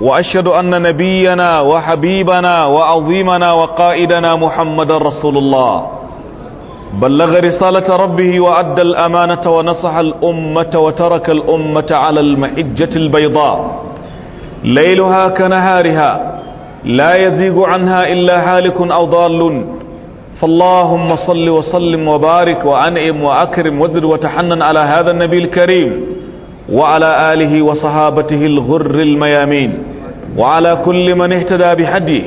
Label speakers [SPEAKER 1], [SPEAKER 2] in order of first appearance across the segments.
[SPEAKER 1] واشهد ان نبينا وحبيبنا وعظيمنا وقائدنا محمد رسول الله بلغ رساله ربه وادى الامانه ونصح الامه وترك الامه على المحجه البيضاء ليلها كنهارها لا يزيغ عنها الا هالك او ضال فاللهم صل وسلم وبارك وانعم واكرم وزد وتحنن على هذا النبي الكريم وعلى آله وصحابته الغر الميامين وعلى كل من اهتدى بحدي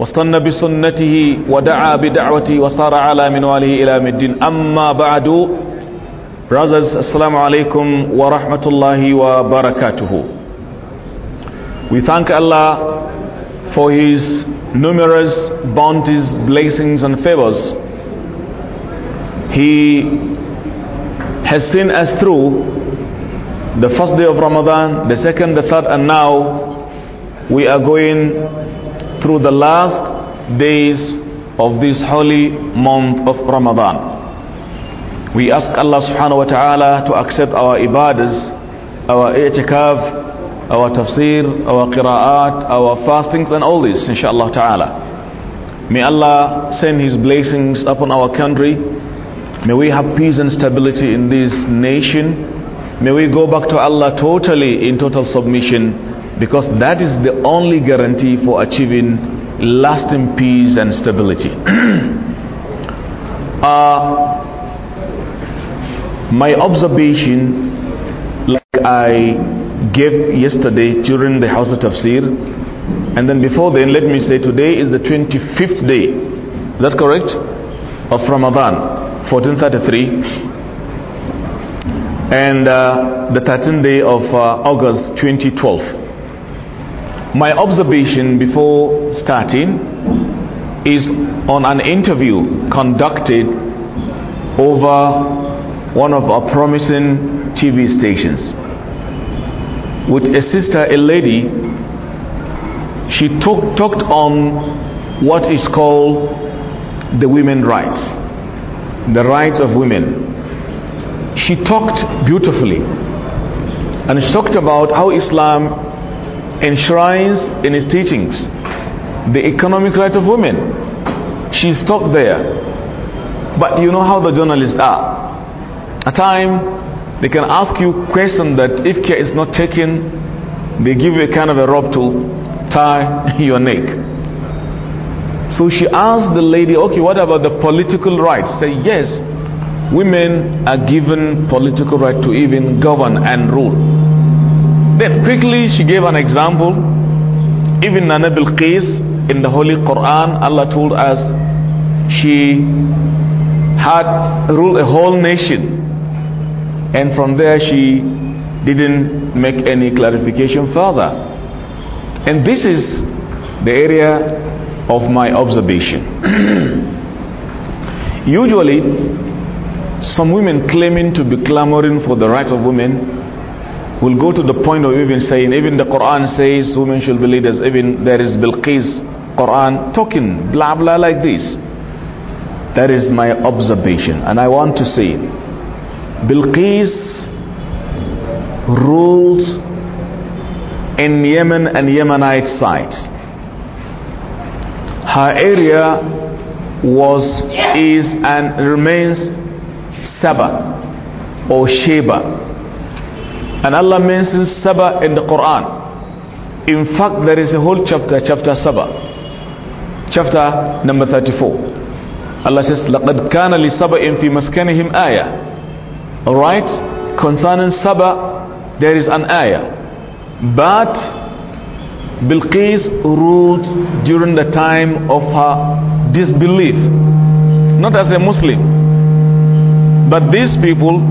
[SPEAKER 1] واصطن بسنته ودعا بدعوتي وصار على من واله إلى مدين أما بعد brothers السلام عليكم ورحمة الله وبركاته we thank Allah for his numerous bounties blessings and favors he has seen us through the first day of Ramadan, the second, the third, and now we are going through the last days of this holy month of Ramadan. We ask Allah subhanahu wa ta'ala to accept our ibadahs, our i'tikaf, our tafsir, our qira'at, our fastings and all this, inshallah ta'ala. May Allah send His blessings upon our country. May we have peace and stability in this nation. May we go back to Allah totally in total submission because that is the only guarantee for achieving lasting peace and stability.
[SPEAKER 2] uh,
[SPEAKER 1] my observation, like I gave yesterday during the House of Tafsir, and then before then, let me say today is the 25th day, is that correct? Of Ramadan, 1433 and uh, the 13th day of uh, August 2012. My observation before starting is on an interview conducted over one of our promising TV stations with a sister, a lady. She talk, talked on what is called the women rights, the rights of women she talked beautifully and she talked about how Islam enshrines in its teachings the economic right of women. She stopped there. But you know how the journalists are. At time they can ask you questions that if care is not taken, they give you a kind of a rope to tie your neck. So she asked the lady, okay, what about the political rights? Say, yes, women are given political right to even govern and rule. Then quickly she gave an example. Even Nana Bilqis in the Holy Quran, Allah told us
[SPEAKER 3] she had
[SPEAKER 1] ruled a whole nation. And from there she didn't make any clarification further. And this is the area of my
[SPEAKER 3] observation.
[SPEAKER 1] Usually some women claiming to be clamoring for the rights of women will go to the point of even saying, even the Quran says women should be leaders, even there is Bilqis Quran talking blah blah like this. That is my observation, and I want to say Bilqis rules in Yemen and Yemenite sites. Her area was, is, and remains Saba or Sheba. And Allah mentions Saba in the Quran. In fact, there is a whole chapter, chapter Saba, chapter number 34. Allah says, لَقَدْ كَانَ لِسَبَئٍ فِي مَسْكَنِهِمْ آيَةً Alright? Concerning Saba, there is an ayah. But Bilqis ruled during the time of her disbelief. Not as a Muslim. But these people,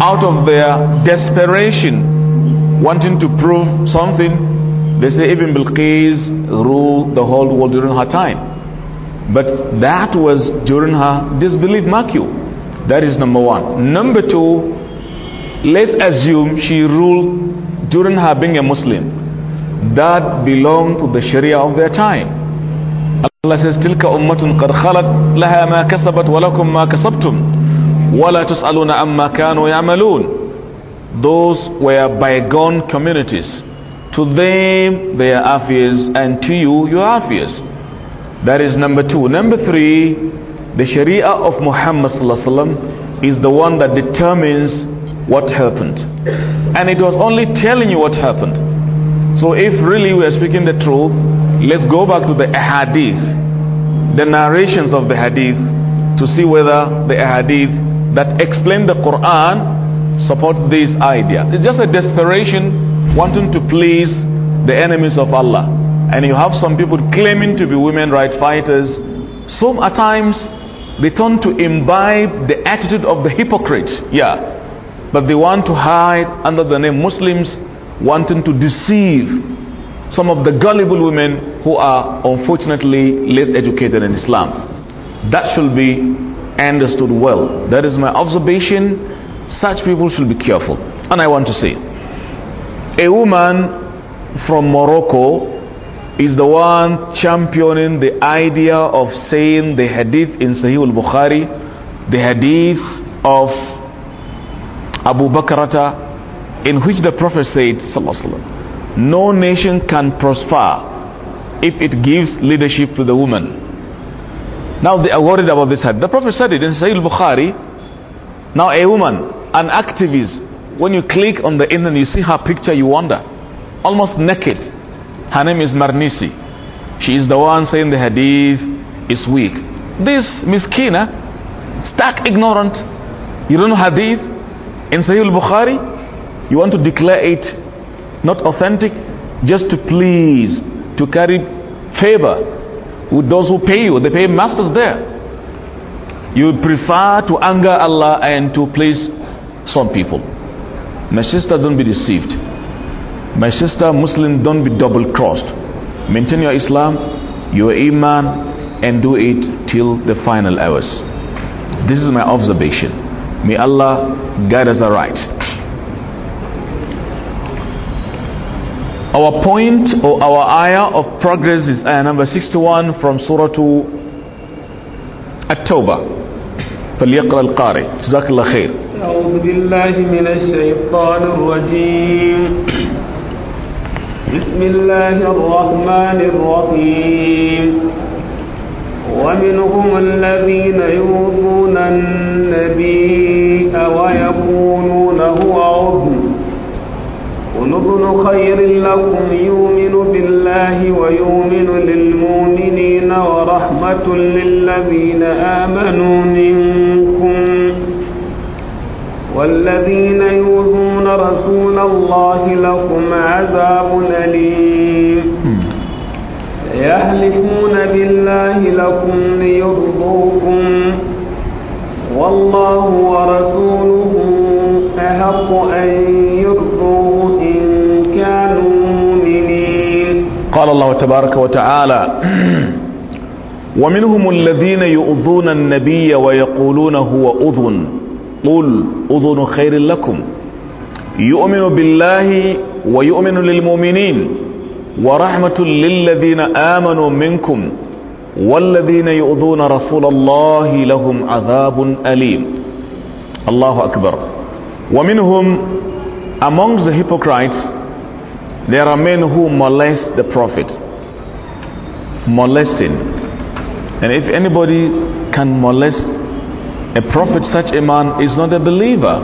[SPEAKER 1] out of their desperation, wanting to prove something, they say even Bilqis ruled the whole world during her time. But that was during her disbelief, mark you. That is number one. Number two, let's assume she ruled during her being a Muslim. That belonged to the Sharia of their time. Allah says, تلك أمة قد خلت لها ما كسبت ولكم ما كسبتم وَلَا تُسْأَلُونَ amma كَانُوا يَعْمَلُونَ Those were bygone communities. To them, they are affairs, and to you, you are affairs. That is number two. Number three, the Sharia of Muhammad is the one that determines what happened. And it was only telling you what happened. So if really we are speaking the truth, let's go back to the hadith, the narrations of the hadith, to see whether the hadith that explain the Quran support this idea. It's just a desperation wanting to please the enemies of Allah. And you have some people claiming to be women right fighters. Some at times they turn to imbibe the attitude of the hypocrite. Yeah. But they want to hide under the name Muslims, wanting to deceive some of the gullible women who are unfortunately less educated in Islam. That should be understood well. That is my observation. Such people should be careful. And I want to say, a woman from Morocco is the one championing the idea of saying the hadith in Sahih al-Bukhari, the hadith of Abu Bakrata, in which the Prophet said, no nation can prosper if it gives leadership to the woman. Now they are worried about this hadith. The Prophet said it in Sahih Bukhari. Now a woman, an activist, when you click on the internet, you see her picture, you wonder. Almost naked. Her name is Marnisi. She is the one saying the hadith is weak. This miskina, eh, stark ignorant, you don't know hadith, in Sahih Bukhari, you want to declare it not authentic just to please, to carry favor with those who pay you. They pay masters there. You prefer to anger Allah and to please some people. My sister, don't be deceived. My sister, Muslim, don't be double crossed. Maintain your
[SPEAKER 3] Islam,
[SPEAKER 1] your Iman, and do it till the final hours. This is my observation. May Allah guide us aright. Our point or our ayah of progress is ayah number 61 from Surah At-Tawbah. فليقرأ القارئ جزاك الله خير
[SPEAKER 4] أعوذ بالله من الشيطان الرجيم بسم الله الرحمن الرحيم ومنهم الذين يؤذون النبي ويقولون هو عضو نبل خير لكم يؤمن بالله ويؤمن للمؤمنين ورحمة للذين آمنوا منكم والذين يؤذون رسول الله لكم عذاب أليم يهلكون بالله لكم ليرضوكم والله ورسوله أحق أن
[SPEAKER 1] قال الله تبارك وتعالى ومنهم الذين يؤذون النبي ويقولون هو أذن قل أذن خير لكم يؤمن بالله ويؤمن للمؤمنين ورحمة للذين آمنوا منكم والذين يؤذون رسول الله لهم عذاب أليم الله أكبر ومنهم amongst the hypocrites There are men who molest the Prophet. Molesting. And if anybody can molest a Prophet, such a man is not a believer.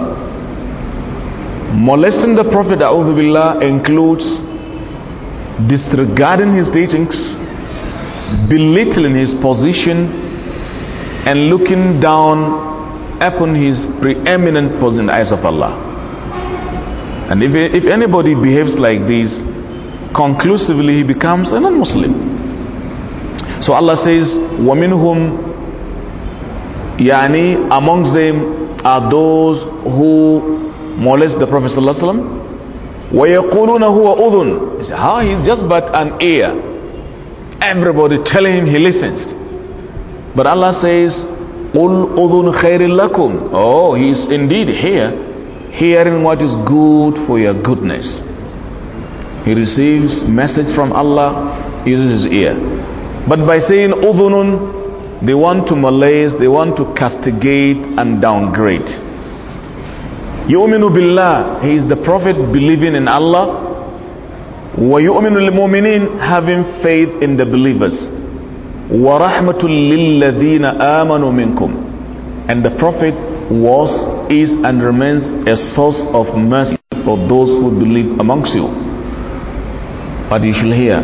[SPEAKER 1] Molesting the Prophet billah, includes disregarding his teachings, belittling his position, and looking down upon his preeminent position in the eyes of Allah. And if, if anybody behaves like this, conclusively he becomes a non-Muslim. So Allah says, "Women whom," Yani amongst them are those who molest the Prophet ﷺ. وَيَقُولُونَ هُوَ أُذُنٌ He said, How he's just but an ear. Everybody telling him he listens. But Allah says, قُلْ أُذُنْ خَيْرٍ لَكُمْ Oh, he's indeed here hearing what is good for your goodness. He receives message from Allah, uses his ear. But by saying udhunun, they want to malaise, they want to castigate and downgrade. Yu'minu billah, he is the prophet believing in Allah. Wa yu'minu lil having faith in the believers. Wa rahmatul lil ladina amanu minkum. And the prophet was, is, and remains a source of mercy for those who believe amongst you. But you shall hear.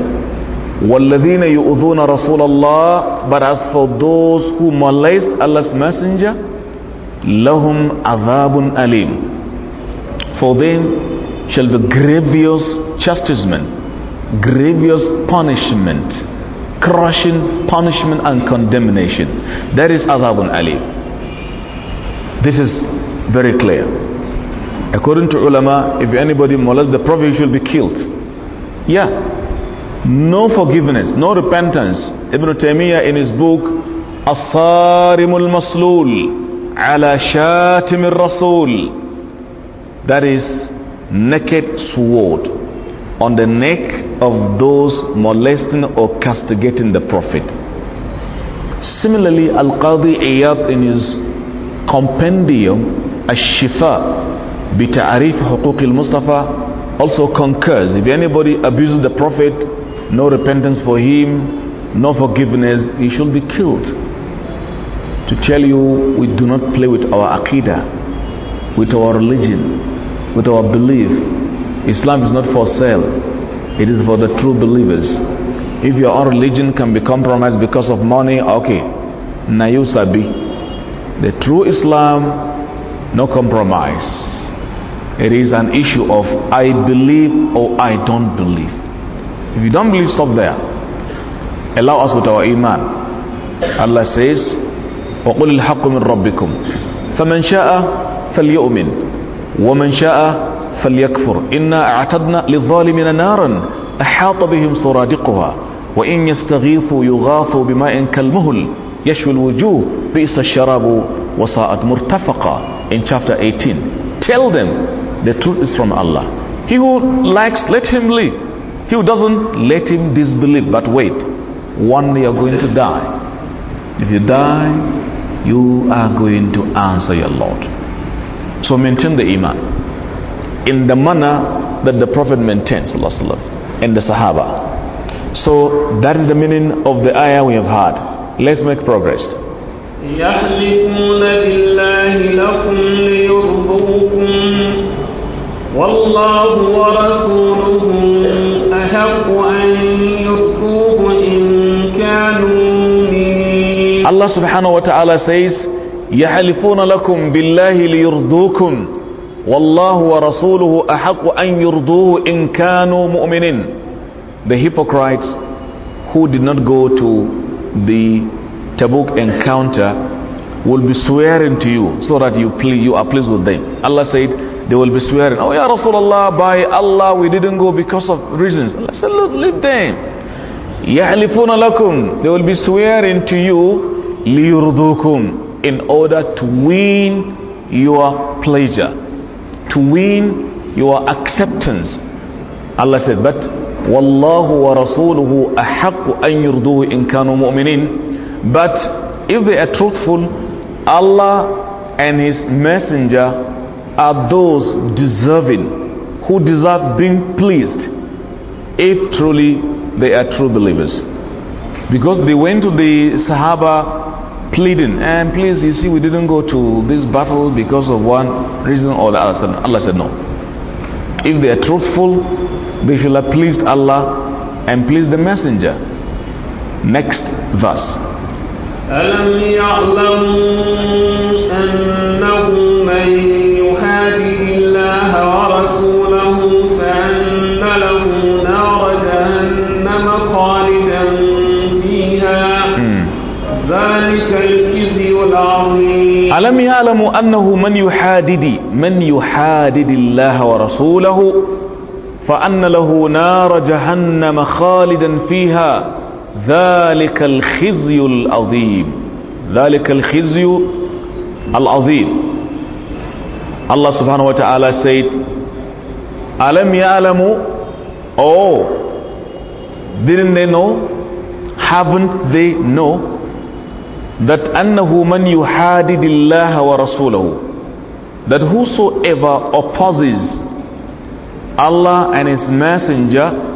[SPEAKER 1] وَالَّذِينَ يُؤْذُونَ رَسُولَ اللَّهِ But as for those who molest Allah's messenger, لَهُمْ عَذَابٌ أَلِيمٌ For them shall be grievous chastisement, grievous punishment, crushing punishment and condemnation. That is عَذَابٌ أَلِيمٌ this is very clear. According to ulama, if anybody molests the Prophet, he should be killed. Yeah. No forgiveness, no repentance. Ibn Taymiyyah in his book, Asarimul Maslul, Ala Shatimir Rasul. That is naked sword on the neck of those molesting or castigating the Prophet. Similarly, Al Qadi Iyad in his compendium Ash-Shifa Arif حقوق Mustafa, also concurs if anybody abuses the prophet no repentance for him no forgiveness he should be killed to tell you we do not play with our aqidah with our religion with our belief Islam is not for sale it is for the true believers if your own religion can be compromised because of money okay na you sabi the true Islam, no compromise. It is an issue of I believe or I don't believe. If you don't believe, stop there. Allow us with our iman. Allah says, وقل الحق من ربكم فمن شاء فليؤمن ومن شاء فليكفر إنا أعتدنا للظالمين نارا أحاط بهم سرادقها وإن يستغيثوا يغاثوا بماء كالمهل يشوي الوجوه بئس الشراب وساءت مرتفقة in chapter 18 tell them the truth is from Allah he who likes let him live he who doesn't let him disbelieve but wait one day you are going to die if you die you are going to answer your Lord so maintain the iman in the manner that the Prophet maintains and the Sahaba so that is the meaning of the ayah we have had Let's make progress.
[SPEAKER 4] يحلفون بالله لكم ليرضوكم والله ورسوله أحق أن
[SPEAKER 1] يرضوه إن كانوا مؤمنين الله سبحانه وتعالى says يحلفون لكم بالله ليرضوكم والله ورسوله أحق أن يرضوه إن كانوا مؤمنين The hypocrites who did not go to the Tabuk encounter will be swearing to you so that you, please, you are pleased with them. Allah said, they will be swearing, Oh, Ya Rasulullah, by Allah, we didn't go because of reasons. Allah said, Look, leave them. يَحْلِفُونَ lakum. They will be swearing to you, لِيُرْضُوكُمْ In order to win your pleasure, to win your acceptance. Allah said, but Wallahu wa rasuluhu ahakku an yurduhu in kanu mu'minin. But if they are truthful, Allah and His Messenger are those deserving, who deserve being pleased, if truly they are true believers. Because they went to the Sahaba pleading, and please, you see, we didn't go to this battle because of one reason or the other. Allah said, No. If they are truthful, they shall have pleased Allah and pleased the Messenger. Next verse.
[SPEAKER 4] ألم يعلموا أنه من يهادي الله ورسوله فأن له نار جهنم خالدا فيها hmm. ذلك الخزي العظيم ألم
[SPEAKER 1] يعلموا أنه من يحادد من يحادد الله ورسوله فأن له نار جهنم خالدا فيها ذلك الخزي العظيم ذلك الخزي العظيم الله سبحانه وتعالى سيد ألم يعلموا أو oh, didn't they know haven't they know that أنه من يحادد الله ورسوله that whosoever opposes Allah and His Messenger,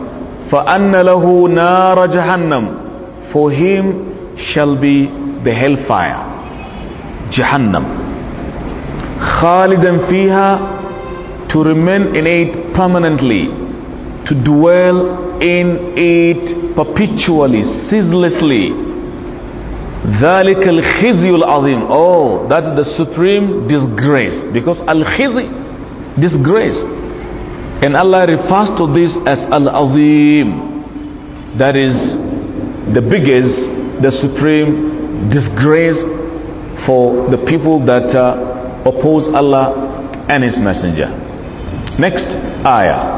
[SPEAKER 1] فَأَنَّ لَهُ نَارَ جَهَنَّمْ For him shall be the hellfire, Jahannam. خَالِدًا فِيهَا To remain in it permanently, to dwell in it perpetually, ceaselessly. ذَلِكَ الْخِزْيُ الْعَظِيمُ Oh, that's the supreme disgrace. Because al khizy disgrace. And Allah refers to this as Al-Azim. That is the biggest, the supreme disgrace for the people that uh, oppose Allah and His Messenger. Next ayah.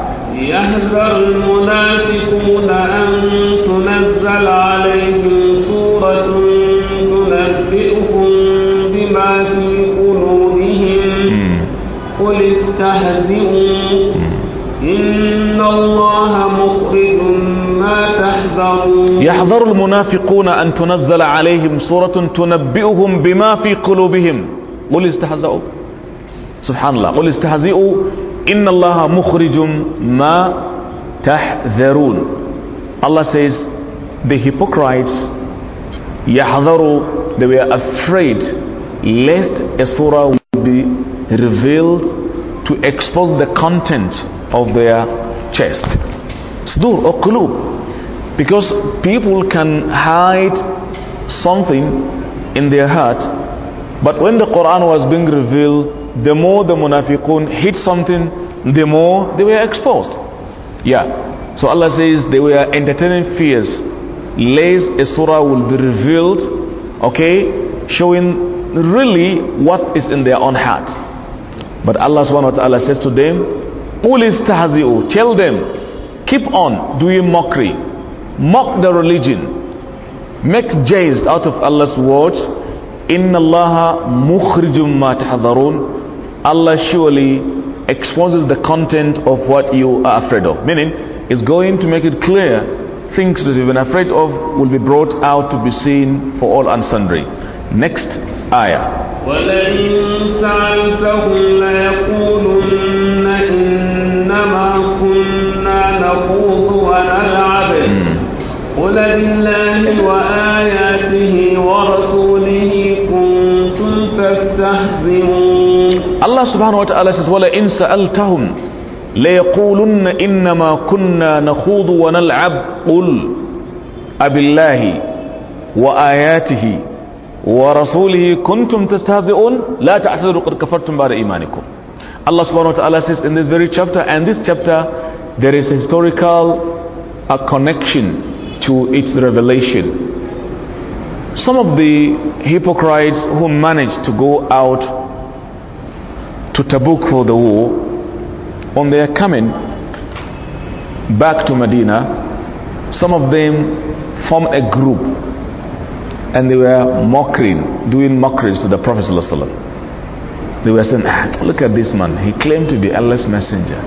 [SPEAKER 1] يحذر المنافقون أن تنزل عليهم سورة تنبئهم بما في قلوبهم قل استهزئوا سبحان الله قل استهزئوا إن الله مخرج ما تحذرون Allah says the hypocrites يحذروا they were afraid lest a surah would be revealed to expose the content of their chest صدور أو قلوب because people can hide something in their heart but when the quran was being revealed the more the munafiqun hid something the more they were exposed yeah so allah says they were entertaining fears Lays a surah will be revealed okay showing really what is in their own heart but allah subhanahu wa ta'ala says to them tell them keep on doing mockery mock the religion, make jest out of Allah's words. Inna Allah mukhrijum ma tahdharun. Allah surely exposes the content of what you are afraid of. Meaning, it's going to make it clear things that you've been afraid of will be brought out to be seen for all and sundry. Next ayah.
[SPEAKER 4] ولئن سألتهم ليقولن إنما كنا نخوض ونلعب بالله وآياته ورسوله كنتم تستهزئون
[SPEAKER 1] الله سبحانه وتعالى says إن سألتهم ليقولن إنما كنا نخوض ونلعب قل الله وآياته ورسوله كنتم تستهزئون لا تعتذروا قد كفرتم بعد إيمانكم Allah subhanahu wa ta'ala says in this very chapter and this chapter there is a historical a connection to its revelation. Some of the hypocrites who managed to go out to Tabuk for the war, on their coming back to Medina, some of them formed a group and they were mocking, doing mockeries to the Prophet. They were saying, ah, Look at this man, he claimed to be Allah's messenger.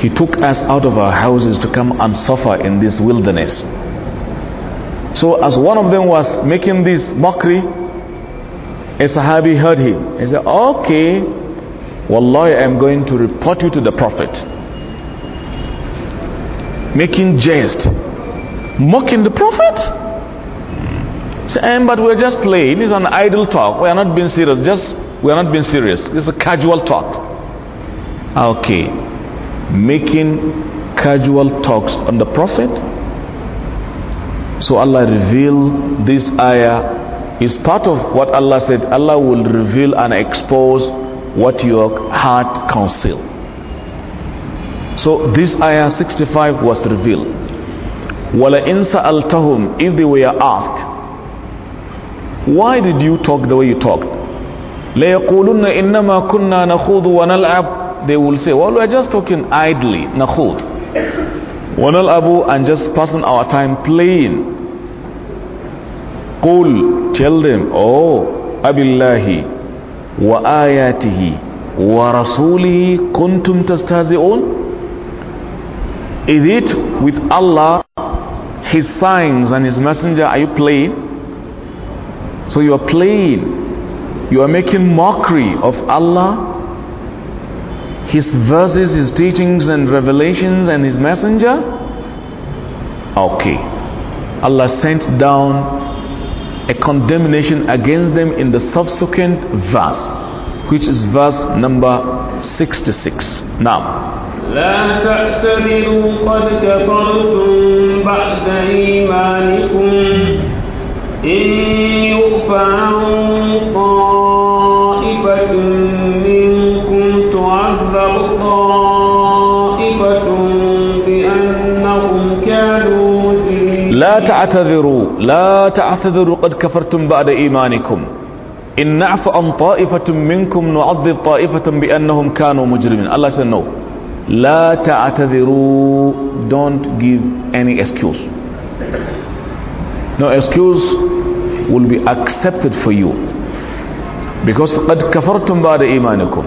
[SPEAKER 1] He took us out of our houses to come and suffer in this wilderness. So as one of them was making this mockery, a Sahabi heard him. He said, okay, Wallahi, I'm going to report you to the Prophet. Making jest, mocking the Prophet. And but we're just playing. It's an idle talk. We are not being serious. Just we are not being serious. It's a casual talk. Ah, okay, making casual talks on the prophet so Allah revealed this ayah is part of what Allah said. Allah will reveal and expose what your heart conceal. So this ayah 65 was revealed. وَلَئِنْ سَأَلْتَهُمْ If they were asked, why did you talk the way you talked? They will say, well, we're just talking idly, نَخُوض we're not Abu and just passing our time playing. call, tell them, oh, abillahi wa ayatihi wa rasulihi kuntum tastazi'un? Is it with Allah, His signs and His messenger are you playing? So you are playing. You are making mockery of Allah his verses, his teachings and revelations and his messenger? Okay. Allah sent down a condemnation against them in the subsequent verse, which is verse number 66. Now,
[SPEAKER 4] لا قد كفرتم بعد إيمانكم إن
[SPEAKER 1] تعتذروا لا تعتذروا قد كفرتم بعد إيمانكم إن نعف عن طائفة منكم نعذب طائفة بأنهم كانوا مجرمين الله said no لا تعتذروا don't give any excuse no excuse will be accepted for you because قد كفرتم بعد إيمانكم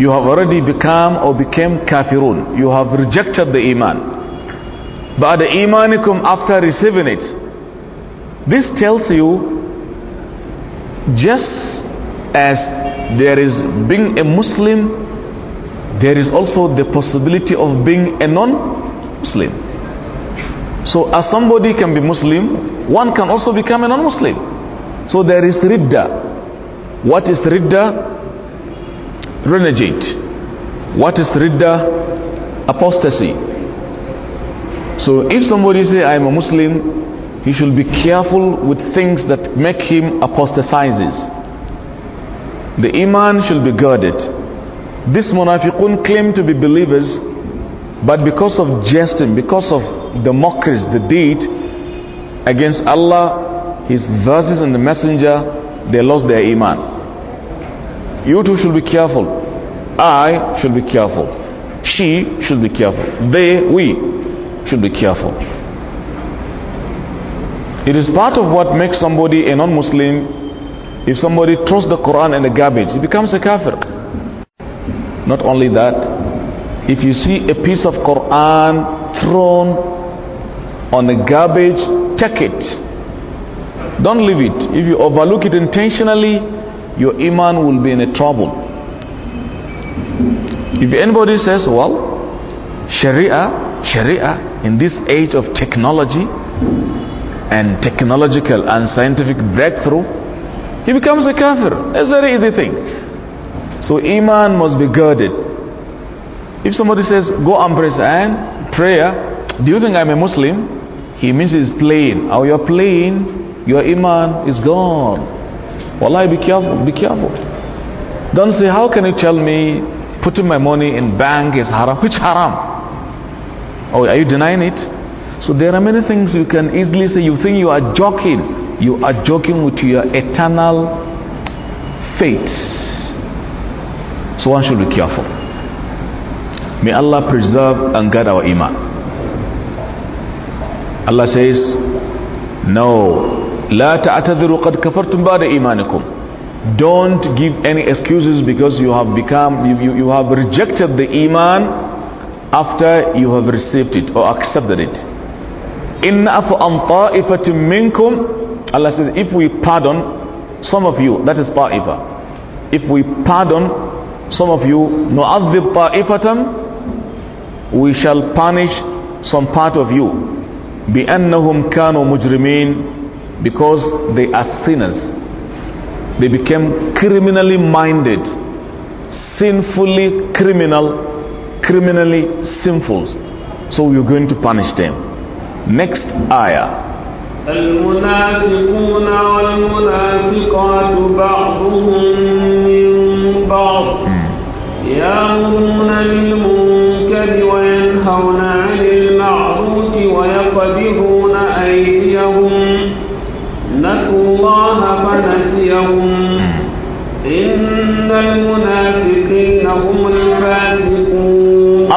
[SPEAKER 1] you have already become or became كافرون you have rejected the إيمان بعد إيمانكم after receiving it this tells you just as there is being a Muslim there is also the possibility of being a non-Muslim so as somebody can be Muslim one can also become a non-Muslim so there is Ridda what is Ridda?
[SPEAKER 3] Renegade what is Ridda? Apostasy
[SPEAKER 1] so if somebody say I am a Muslim, he should be careful with things that make him apostatizes. The iman should be guarded. This munafiqun claim to be believers, but because of jesting, because of the mockeries, the deed against Allah, His verses and the messenger, they lost their iman. You too should be careful. I should be careful. She should be careful. They, we should be careful. It is part of what makes somebody a non Muslim. If somebody throws the Quran in the garbage, he becomes a kafir. Not only that, if you see a piece of Quran thrown on the garbage, take it. Don't leave it. If you overlook it intentionally, your iman will be in a trouble. If anybody says, well, Sharia, Sharia, in this age of technology and technological and scientific breakthrough, he becomes a kafir. It's a very easy thing. So iman must be guarded. If somebody says, go and pray and prayer, do you think I'm a Muslim? He means he's playing. Or you're playing, your iman is gone. Wallahi, be careful, be careful. Don't say, how can you tell me putting my money in bank is haram? Which haram? Or are you denying it? So there are many things you can easily say. You think you are joking. You are joking with your eternal fate. So one should be careful. May Allah preserve and guard our iman. Allah says, No, la ta'atadhiru qad kafartum imanikum. Don't give any excuses because you have become, you, you, you have rejected the iman after you have received it or accepted it. In minkum, Allah says, if we pardon some of you, that is ta'ifa. If we pardon some of you, nu'adhib ta'ifatam, we shall punish some part of you. بأنهم كانوا Mujrimin, because they are sinners. They became criminally minded, sinfully criminal criminally sinful. So we are going to punish them. Next ayah.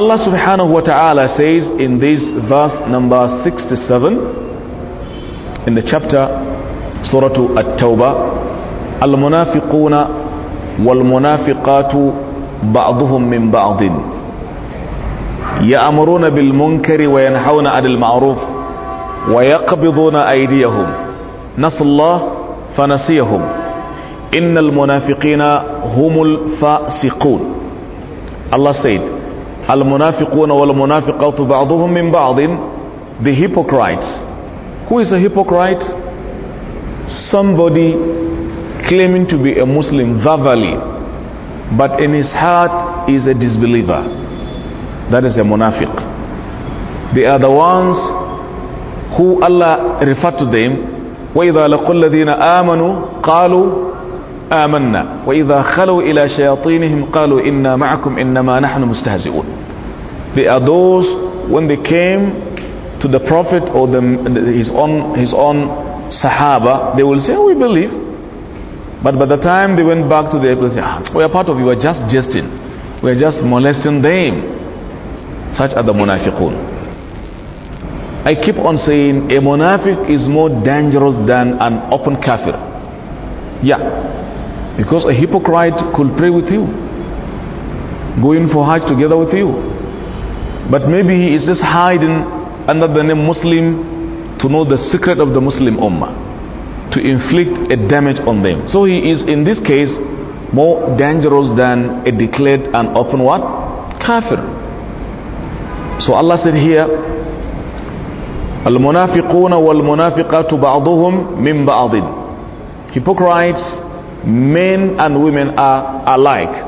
[SPEAKER 1] Allah subhanahu wa ta'ala says in this verse number 67 in the chapter Surah At-Tawbah Al-Munafiquna Wal-Munafiqatu Ba'duhum min ba'din Ya'amuruna bil-munkari Wa yanhawna adil-ma'ruf Wa yaqbiduna aydiyahum Nasallah Fanasiyahum Innal-Munafiqina Humul-Fasiqun Allah said Al-Munafiquna wal-Munafiqatu ba'duhum min ba'din. The hypocrites. Who is a hypocrite? Somebody claiming to be a Muslim verbally, but in his heart is a disbeliever. That is a munafiq. They are the ones who Allah referred to them وإذا لقوا الذين آمنوا قالوا آمنا وإذا خلوا إلى شياطينهم قالوا إنا معكم إنما نحن مستهزئون They are those when they came to the Prophet or the, his own his own Sahaba, they will say, oh, we believe. But by the time they went back to their place, ah, we are part of you, we are just jesting. We are just molesting them. Such are the munafiqun. I keep on saying a munafiq is more dangerous than an open kafir. Yeah, because a hypocrite could pray with you, go in for Hajj together with you. But maybe he is just hiding under the name Muslim to know the secret of the Muslim Ummah, to inflict a damage on them. So he is, in this case, more dangerous than a declared and open what? Kafir. So Allah said here, wal والمنافقات بعضهم min بعض hypocrites men and women are alike.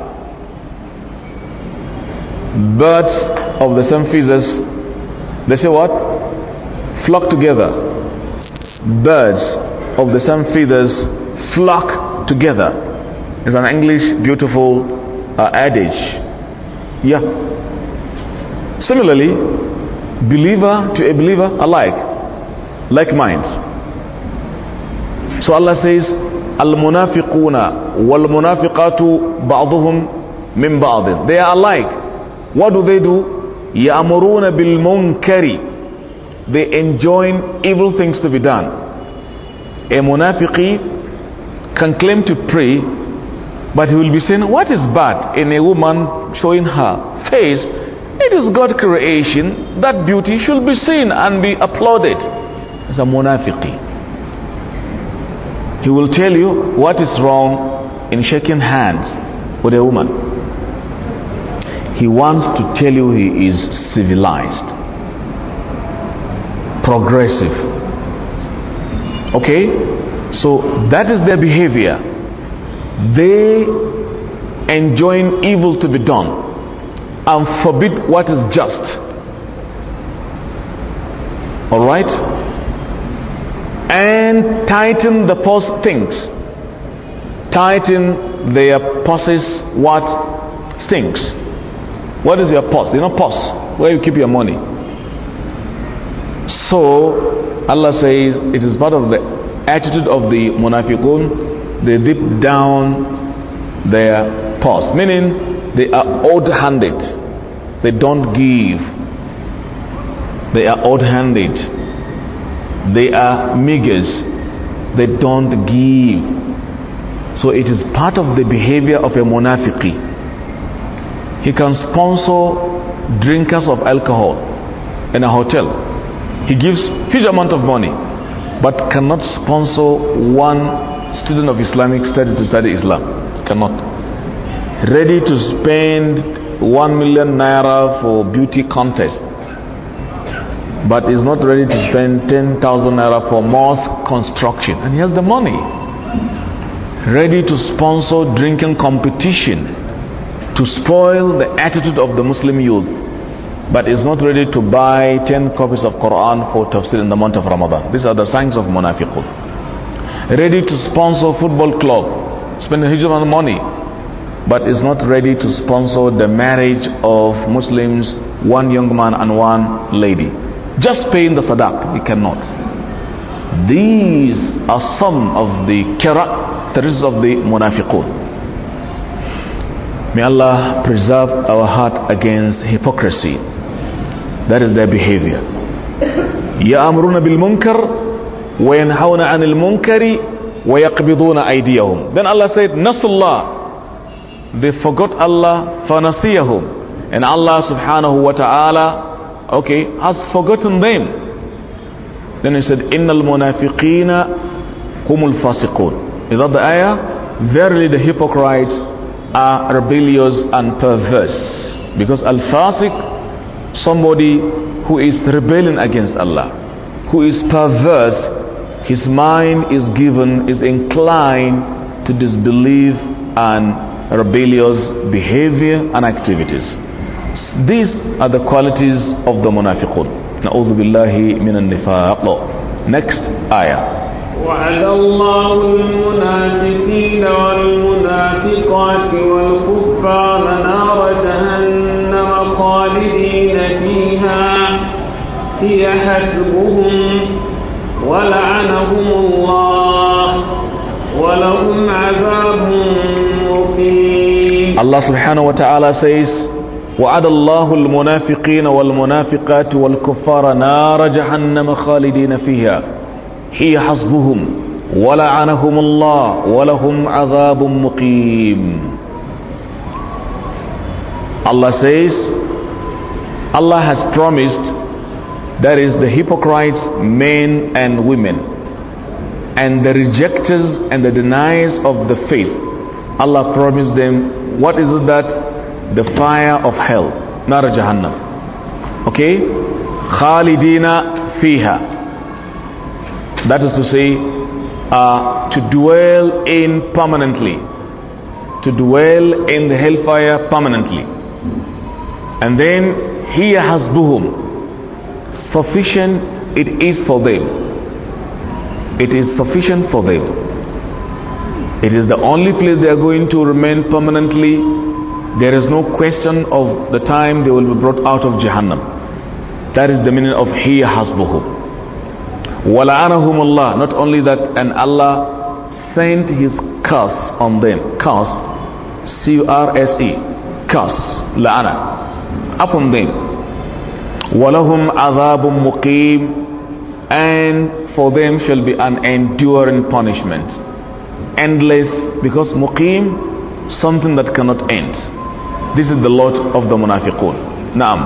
[SPEAKER 1] Birds of the same feathers, they say what? Flock together. Birds of the same feathers flock together. It's an English beautiful uh, adage. Yeah. Similarly, believer to a believer alike, like minds. So Allah says, Al-munafiquna wal-munafiqatu ba'duhum min They are alike. What do they do? Ya'muruna bil munkari. They enjoin evil things to be done. A munafiqi can claim to pray, but he will be saying, what is bad in a woman showing her face? It is God creation. That beauty should be seen and be applauded. It's a munafiqi. He will tell you what is wrong in shaking hands with a woman. He wants to tell you he is civilized, progressive. Okay? So that is their behavior. They enjoin evil to be done and forbid what is just. All right? and tighten the false things.
[SPEAKER 3] Tighten their
[SPEAKER 1] purses what stinks. What is your purse? You know purse, where you keep your money. So Allah says it is part of the attitude of the munafiqun. They dip down their purse, meaning they are odd-handed. They don't give. They are odd-handed they are meagres. They don't give. So it is part of the behavior of a monafiki. He can sponsor drinkers of alcohol in a hotel. He gives huge amount of money, but cannot sponsor one student of Islamic study to study Islam. Cannot ready to spend one million naira for beauty contest but is not ready to spend 10,000 naira for mosque construction. And he has the money. Ready to sponsor drinking competition to spoil the attitude of the Muslim youth, but is not ready to buy 10 copies of Quran for tafsir in the month of Ramadan. These are the signs of munafiqun. Ready to sponsor football club, spend a huge amount of money, but is not ready to sponsor the marriage of Muslims, one young man and one lady. Just paying the sadaq, he cannot. These are some of the characteristics of the munafiqun. May Allah preserve our heart against hypocrisy. That is their behavior. يأمرون بالمنكر وينهون عن المنكر ويقبضون أيديهم then Allah said نسوا الله they forgot Allah فنسيهم and Allah subhanahu wa ta'ala okay, has forgotten them. Then he said, al munafiqina humul fasiqun. Is that the ayah? Verily the hypocrites are rebellious and perverse. Because al-fasiq, somebody who is rebelling against Allah, who is perverse, his mind is given, is inclined to disbelieve and rebellious behavior and activities. These are the qualities of the munafiqun. نعوذ بالله من النفاق. Next ayah.
[SPEAKER 4] وعد الله المنافقين والمنافقات والكفار نار جهنم خالدين فيها هي حسبهم ولعنهم الله ولهم عذاب مقيم الله سبحانه وتعالى says
[SPEAKER 1] وعد الله المنافقين والمنافقات والكفار نار جهنم خالدين فيها هي حسبهم ولعنهم الله ولهم عذاب مقيم Allah says Allah has promised that is the hypocrites men and women and the rejecters and the deniers of the faith Allah promised them what is it that the fire of hell nar jahannam okay khalidina fiha that is to say uh, to dwell in permanently to dwell in the hellfire permanently and then here buhum sufficient it is for them it is sufficient for them it is the only place they are going to remain permanently there is no question of the time they will be brought out of Jahannam. That is the meaning of Hiya Hasbuhu. Wala'anahum Allah. Not only that, and Allah sent His curse on them.
[SPEAKER 3] Curse,
[SPEAKER 1] C-U-R-S-E, curse, la'ana, upon them. وَلَهُمْ عَذَابٌ مُقِيمٌ And for them shall be an enduring punishment. Endless, because muqim, something that cannot end. This is the lot of the munafiqun. Naam.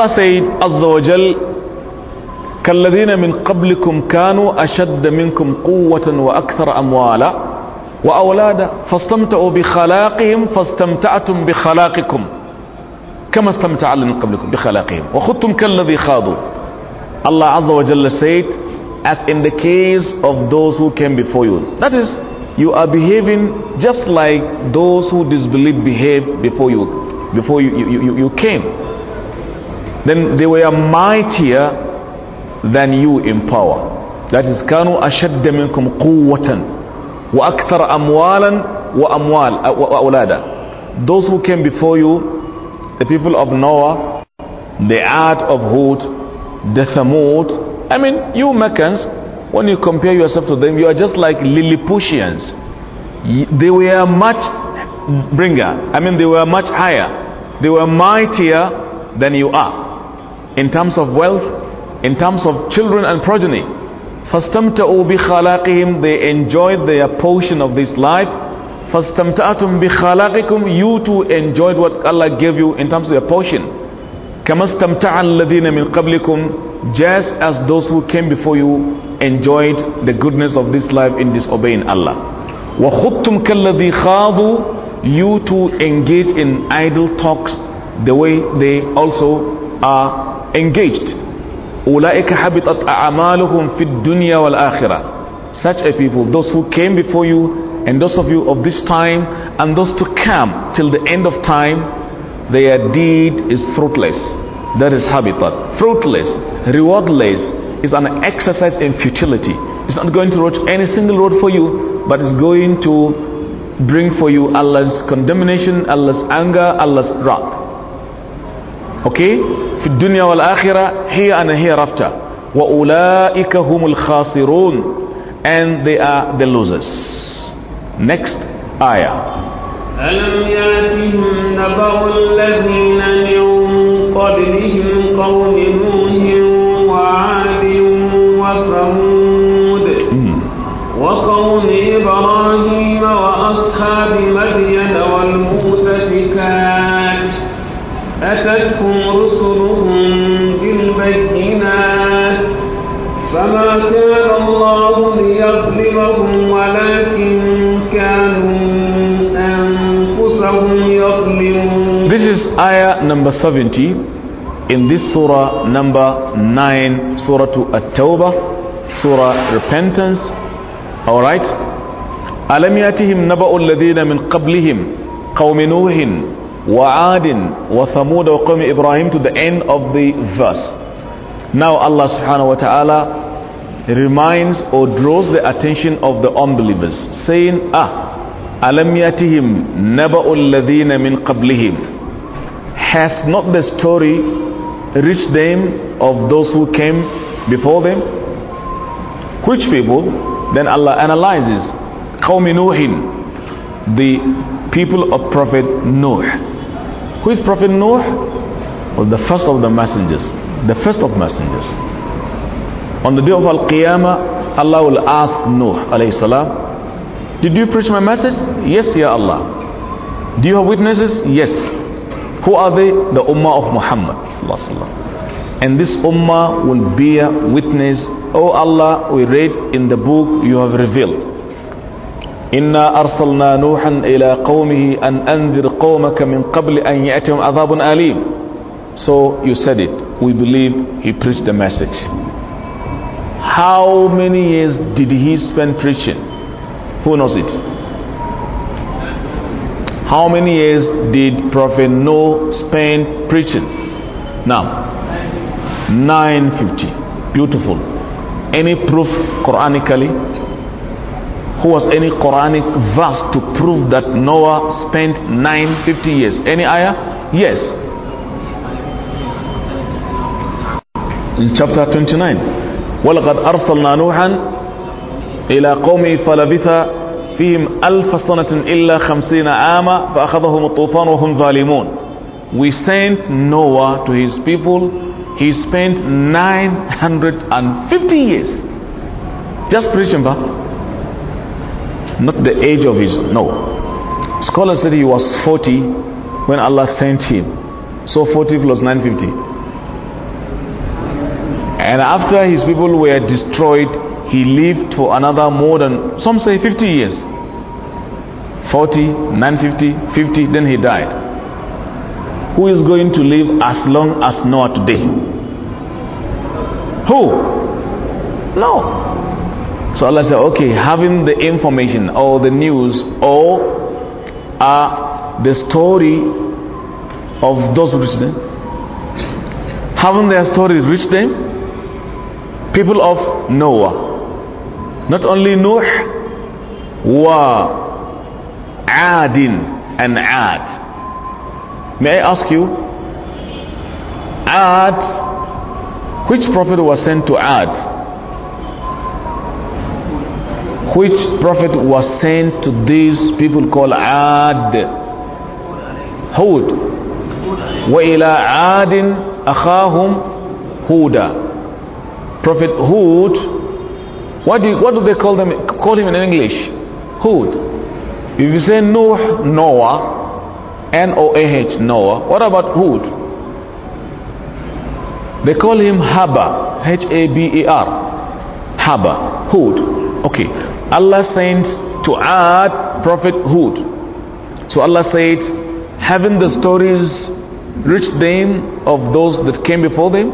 [SPEAKER 1] الله سيد عز وجل كالذين من قبلكم كانوا أشد منكم قوة وأكثر أموالا وأولادا فاستمتعوا بخلاقهم فاستمتعتم بخلاقكم كما استمتع الذين من قبلكم بخلاقهم وخذتم كالذي خاضوا الله عز وجل سيد as in the case of those who came before you that is you are behaving just like those who disbelieve behave before you before you, you, you, you came then they were mightier than you in power. That is, كانوا أشد منكم قوة وأكثر أموالا وأموال وأولادا. Those who came before you, the people of Noah, the Ad of Hud, the Thamud. I mean, you Meccans, when you compare yourself to them, you are just like Lilliputians. They were much bringer. I mean, they were much higher. They were mightier than you are in terms of wealth, in terms of children and progeny. فَاسْتَمْتَعُوا بِخَلَاقِهِمْ They enjoyed their portion of this life. فَاسْتَمْتَعْتُمْ بِخَلَاقِكُمْ You too enjoyed what Allah gave you in terms of your portion. كَمَا الَّذِينَ مِنْ قَبْلِكُمْ Just as those who came before you enjoyed the goodness of this life in disobeying Allah. وَخُطْتُمْ كَالَّذِي خَاضُوا You too engage in idle talks the way they also are engaged أولئك حبطت أعمالهم في الدنيا والآخرة such a people those who came before you and those of you of this time and those to come till the end of time their deed is fruitless that is habitat fruitless rewardless is an exercise in futility it's not going to reach any single road for you but it's going to bring for you Allah's condemnation Allah's anger Allah's wrath اوكي في الدنيا والآخرة here and hereafter وأولئك هم الخاسرون and they are the losers next آية ألم
[SPEAKER 4] يأتهم نبأ الذين من قبلهم قوم نوح وعاد وثمود وقوم إبراهيم وأصحاب مدين والمؤتفكات
[SPEAKER 1] ayah number 70 in this surah number 9 surah to at-tawbah surah repentance all right alam yatihim naba'ul ladina min qablihim qaumi nuhin thamud wa وقوم ibrahim to the end of the verse. Now Allah subhanahu wa ta'ala reminds or draws the attention of the unbelievers saying, Ah, ألم يأتهم نبأ الذين min قبلهم has not the story reached them of those who came before them? Which people? Then Allah analyzes. قوم نوح The people of Prophet Noah. Who is Prophet Noah? Well, the first of the messengers. The first of messengers. On the day of Al-Qiyamah, Allah will ask Noah alayhi salam, Did you preach my message? Yes, Ya Allah. Do you have witnesses? Yes. Who are they? The Ummah of Muhammad. And this Ummah will bear witness, O oh Allah, we read in the book you have revealed. إنا أرسلنا نوحا إلى قومه أن أنذر قومك من قبل أن يأتيهم عذاب أليم So you said it. We believe he preached the message. How many years did he spend preaching? Who knows it? How many years did Prophet Noah spend preaching? Now, 950. Beautiful. Any proof Quranically? Who was any Quranic verse to prove that Noah spent 950 years? Any ayah? Yes. In chapter 29. وَلَقَدْ أَرْسَلْنَا نُوحًا إِلَىٰ قَوْمِهِ فَلَبِثَ فيهم ألف سنة إلا خمسين عاما فأخذهم الطوفان وهم ظالمون We sent Noah to his people He spent 950 years Just preaching Not the age of his, no Scholars said he was 40 when Allah sent him So 40 plus 950 And after his people were destroyed he lived for another more than, some say 50 years. 40, 950, 50, then he died. Who is going to live as long as Noah today? Who?
[SPEAKER 4] No.
[SPEAKER 1] So Allah said, okay, having the information or the news or uh, the story of those who reached them, having their stories reached them, people of Noah, not only Nuh, wa Adin and Ad. May I ask you, Ad, which prophet was sent to Ad?
[SPEAKER 3] Which prophet
[SPEAKER 1] was sent to these people called Ad? Hud. وإلى عاد أخاهم هودا Prophet Hud what do, you, what do they call, them, call him in English? Hud. If you say Noah, Noah, N-O-A-H, Noah, what about Hud? They call him Haba, H-A-B-E-R, Haba, Hud. Okay, Allah sent to add Prophet Hud. So Allah said, having the stories reached them of those that came before them,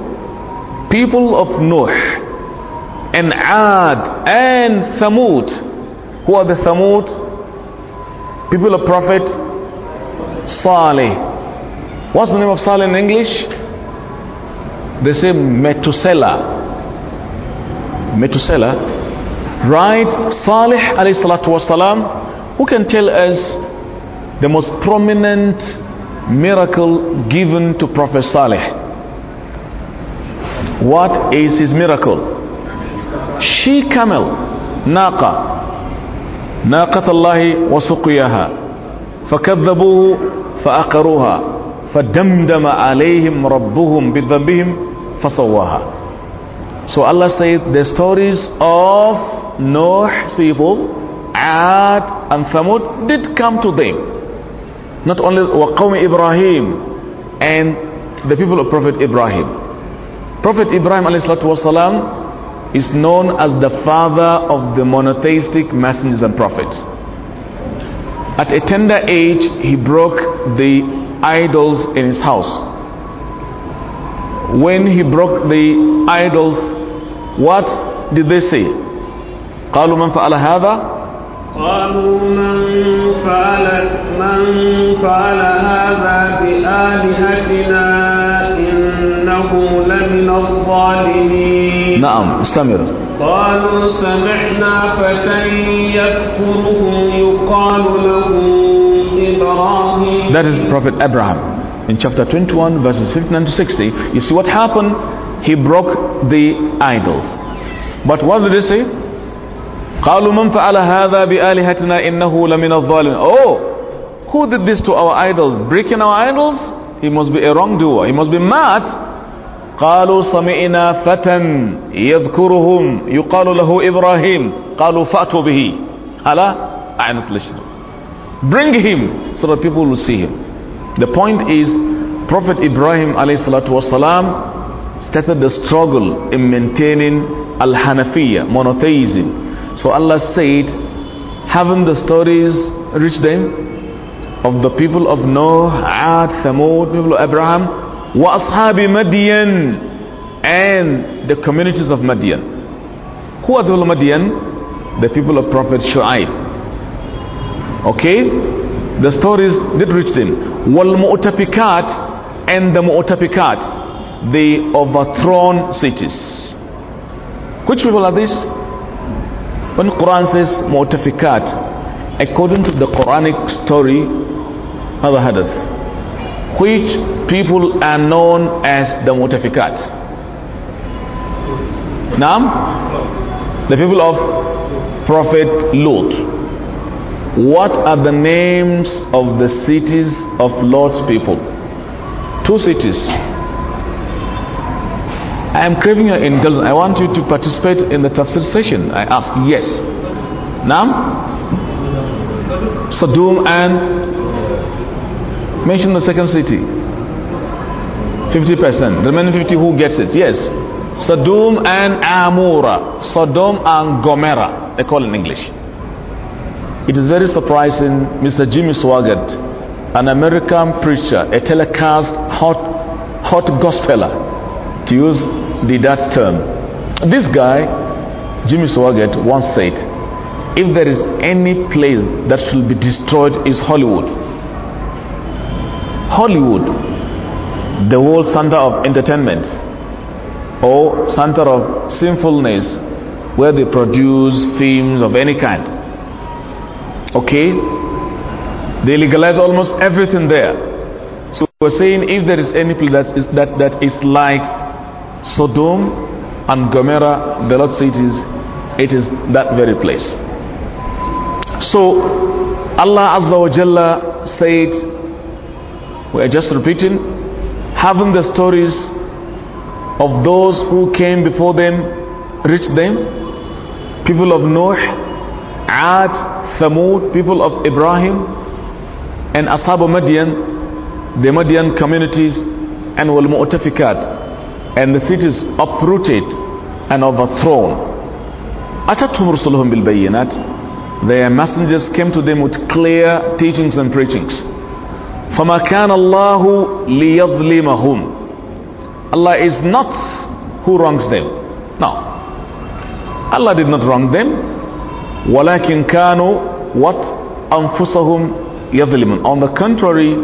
[SPEAKER 1] people of Noah, and Ad and Thamud. Who are the Thamud? People of Prophet Saleh. What's the name of Saleh in English? They say Metusela. Metusela. Right? Saleh alayhi salatu wasalam. Who can tell us the most prominent miracle given to Prophet Saleh? What is his miracle? she camel ناقة ناقة الله وسقياها فكذبوه فأقروها فدمدم عليهم ربهم بذنبهم فصواها so Allah said the stories of Noah's people Ad and Thamud did come to them not only وقوم Ibrahim and the people of Prophet Ibrahim Prophet Ibrahim alayhi is known as the father of the monotheistic messengers and prophets. At a tender age, he broke the idols in his house. When he broke the idols, what did they say? قالوا من فعل هذا
[SPEAKER 4] قالوا من فعل من فعل هذا بآلهتنا لمن الظالمين نعم استمر قالوا سمعنا فتى يذكرهم يقال له إبراهيم That is
[SPEAKER 1] Prophet Abraham in chapter 21 verses 59 to 60 you see what happened he broke the idols but what did he say قالوا من فعل هذا بآلهتنا إنه لمن الظالمين oh who did this to our idols breaking our idols he must be a wrongdoer he must be mad قالوا سمعنا فتى يذكرهم يقال له إبراهيم قالوا فأتوا به على عين الأشرف bring him so that people will see him the point is Prophet Ibrahim والسلام, started the struggle in maintaining Al-Hanafiya monotheism so Allah said haven't the stories reached them of the people of Noah, Ad, Thamud, people of Abraham وأصحاب مدين and the communities of Madian. Who are the people of Madian? The people of Prophet Shu'aib. Okay? The stories did reach them. Wal Mu'tafikat and the Mu'tafikat, they overthrown cities. Which people are these? When Quran says Mu'tafikat, according to the Quranic story, another hadith which people are known as the mutafikat.
[SPEAKER 3] Now,
[SPEAKER 1] the people of Prophet Lot. What are the names of the cities of Lord's people? Two cities. I am craving your indulgence. I want you to participate in the tafsir session. I ask, yes. Now, Sodom and Mention the second city. 50%. The remaining 50 who gets it? Yes. Sodom and Amora. Sodom and Gomera. They call in English. It is very surprising. Mr. Jimmy Swaggart, an American preacher, a telecast hot, hot gospeler, to use the Dutch term. This guy, Jimmy Swaggart, once said, if there is any place that should be destroyed is Hollywood. Hollywood, the world center of entertainment or center of sinfulness, where they produce films of any kind. Okay? They legalize almost everything there. So we're saying if there is any place that is, that, that is like Sodom and Gomorrah, the Lord cities, it is that very place. So Allah Azza wa Jalla said we are just repeating, having the stories of those who came before them, reached them, people of Noah, Ad, Thamud, people of Ibrahim, and Ashab Madian, the Madian communities, and Wal Mu'tafikat, and the cities uprooted and overthrown. أتتهم رسلهم Bayyinat, Their messengers came to them with clear teachings and preachings. فما كان الله ليظلمهم Allah is not who wrongs them no Allah did not wrong them ولكن كانوا what أنفسهم يظلمون on the contrary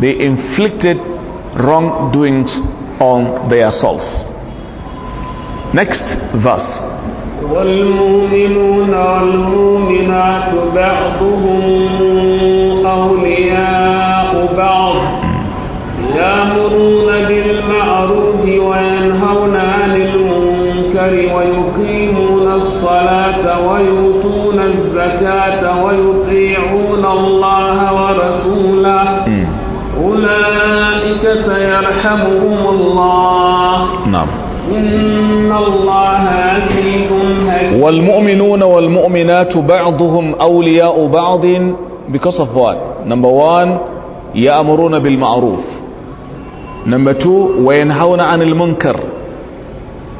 [SPEAKER 1] they inflicted wrongdoings on their souls next verse
[SPEAKER 4] والمؤمنون والمؤمنات بعضهم أولياء يرحمكم الله نعم إن الله عزيز حكيم
[SPEAKER 1] والمؤمنون والمؤمنات بعضهم أولياء بعض because of what number one يأمرون بالمعروف number two وينهون عن المنكر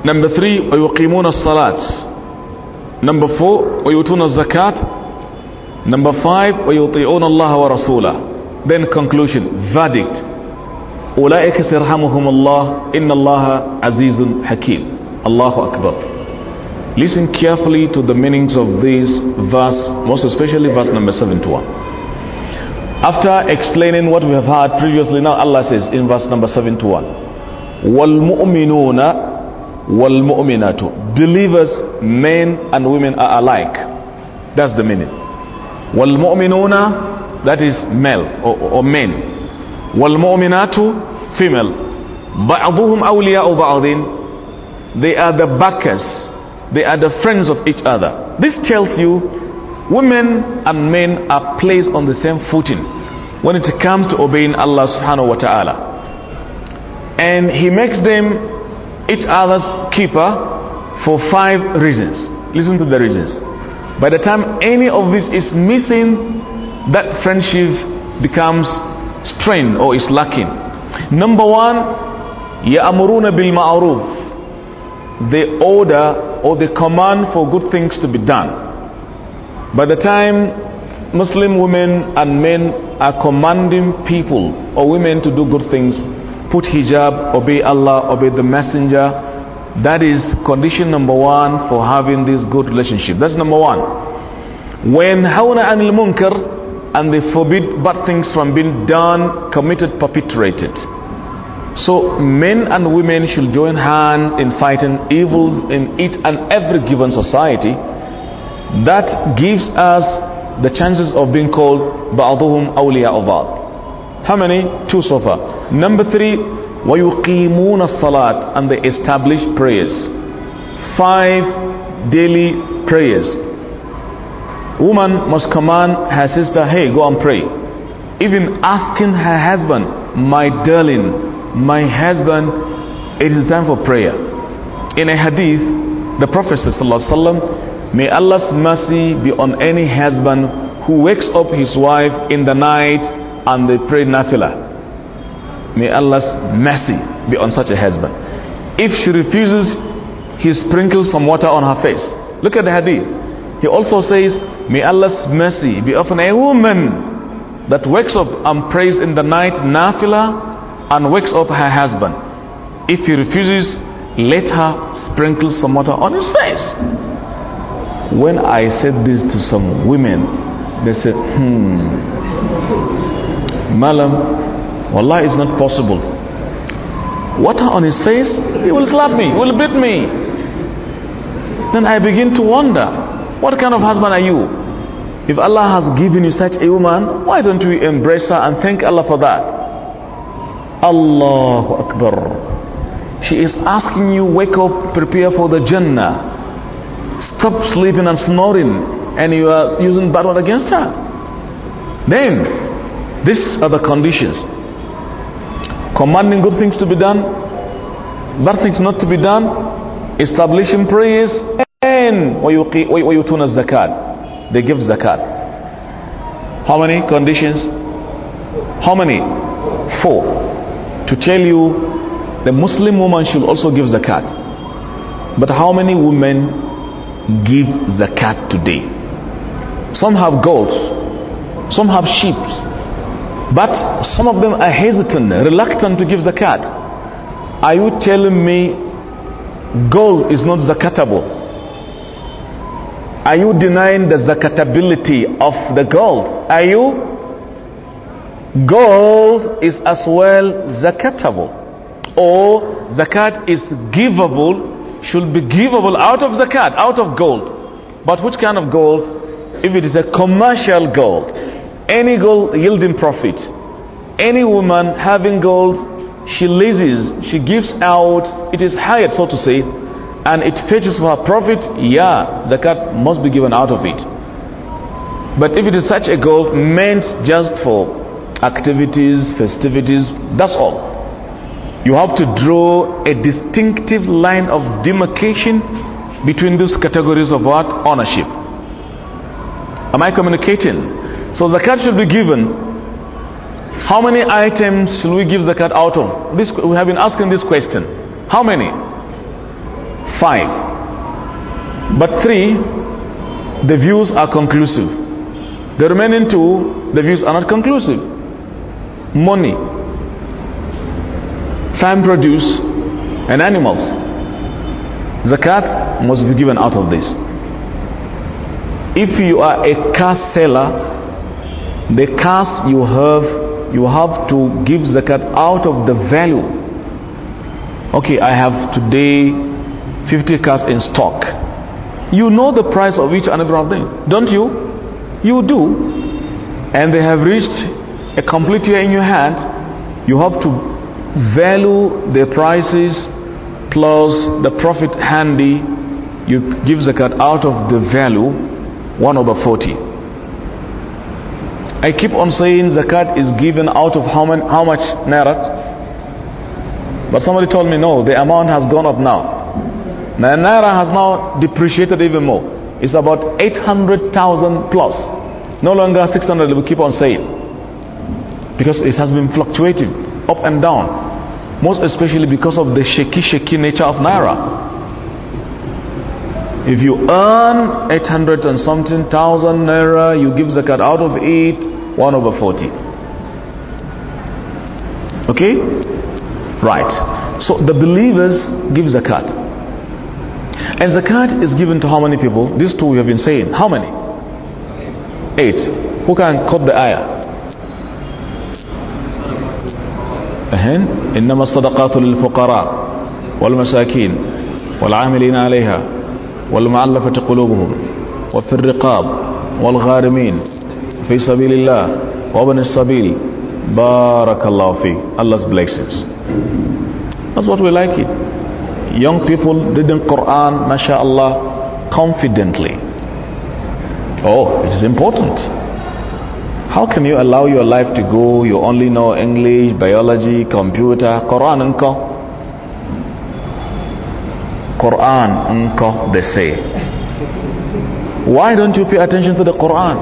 [SPEAKER 1] number three ويقيمون الصلاة number four ويؤتون الزكاة number five ويطيعون الله ورسوله then conclusion verdict أولئك سيرحمهم الله إن الله عزيز حكيم الله أكبر Listen carefully to the meanings of this verse, most especially verse number 71. After explaining what we have heard previously, now Allah says in verse number 71, وَالْمُؤْمِنُونَ وَالْمُؤْمِنَاتُ Believers, men and women are alike. That's the meaning. وَالْمُؤْمِنُونَ, that is male or, or men. والمؤمنات female بعضهم أولياء بعض they are the backers they are the friends of each other this tells you women and men are placed on the same footing when it comes to obeying Allah subhanahu wa ta'ala and he makes them each other's keeper for five reasons listen to the reasons by the time any of this is missing that friendship becomes strength or is lacking. Number one, bil ma'aruf, the order or the command for good things to be done. By the time Muslim women and men are commanding people or women to do good things, put hijab, obey Allah, obey the messenger, that is condition number one for having this good relationship. That's number one. When Hawna Anil Munkar and they forbid bad things from being done, committed, perpetrated. So men and women should join hands in fighting evils in each and every given society. That gives us the chances of being called بعضهم أولياء بعض. How many? Two so far. Number three, ويقيمون Salat and they establish prayers. Five daily prayers. Woman must command her sister, hey, go and pray. Even asking her husband, my darling, my husband, it is time for prayer. In a hadith, the Prophet ﷺ, may Allah's mercy be on any husband who wakes up his wife in the night and they pray nafila. May Allah's mercy be on such a husband. If she refuses, he sprinkles some water on her face. Look at the hadith. He also says, May Allah's mercy be upon a woman that wakes up and prays in the night nafila and wakes up her husband. If he refuses, let her sprinkle some water on his face. When I said this to some women, they said,
[SPEAKER 3] Hmm,
[SPEAKER 1] Malam, Allah is not possible. Water on his face, he will slap me, he will beat me. Then I begin to wonder what kind of husband are you? If Allah has given you such a woman, why don't you embrace her and thank Allah for that? Allahu Akbar. She is asking you, wake up, prepare for the Jannah. Stop sleeping and snoring, and you are using bad word against her. Then, these are the conditions. Commanding good things to be done, bad things not to be done, establishing prayers men وَيُؤْتُونَ الزَّكَاةِ They give zakat. How many conditions? How many? Four. To tell you, the Muslim woman should also give zakat. But how many women give zakat today? Some have goats, some have sheep, but some of them are hesitant, reluctant to give zakat. Are you telling me gold is not zakatable? Are you denying the zakatability of the gold? Are you? Gold is as well zakatable. Or zakat is givable, should be givable out of zakat, out of gold. But which kind of gold? If it is a commercial gold, any gold yielding profit, any woman having gold, she leases, she gives out, it is hired, so to say, and it fetches for a profit, yeah, zakat must be given out of it. But if it is such a goal meant just for activities, festivities, that's all. You have to draw a distinctive line of demarcation between these categories of what? Ownership. Am I communicating? So zakat should be given. How many items should we give zakat out of? This, we have been asking this question. How many? five. But three, the views are conclusive. The remaining two, the views are not conclusive. Money, farm produce, and animals. Zakat must be given out of this. If you are a car seller, the cars you have, you have to give zakat out of the value. Okay, I have today 50 cars in stock. You know the price of each another of them, don't you? You do. And they have reached a complete year in your hand. You have to value the prices plus the profit handy. You give zakat out of the value 1 over 40. I keep on saying zakat is given out of how, many, how much naira? But somebody told me no, the amount has gone up now. The naira has now depreciated even more. It's about 800,000 plus. No longer 600, we keep on saying. Because it has been fluctuating up and down. Most especially because of the shaky, shaky nature of naira. If you earn 800 and something thousand naira, you give zakat out of it, 1 over 40. Okay? Right. So the believers give zakat. And zakat is given to how many people? These two we have been saying. How many? Eight. Who can quote the ayah? أهن إنما الصدقات للفقراء والمساكين والعاملين عليها والمعلفة قلوبهم وفي الرقاب والغارمين في سبيل الله وابن السبيل بارك الله فيه Allah's blessings That's what we like it young people reading Quran, mashallah, confidently. Oh, it is important. How can you allow your life to go? You only know English, biology, computer, Quran unko. Quran unko, they say. Why don't you pay attention to the Quran?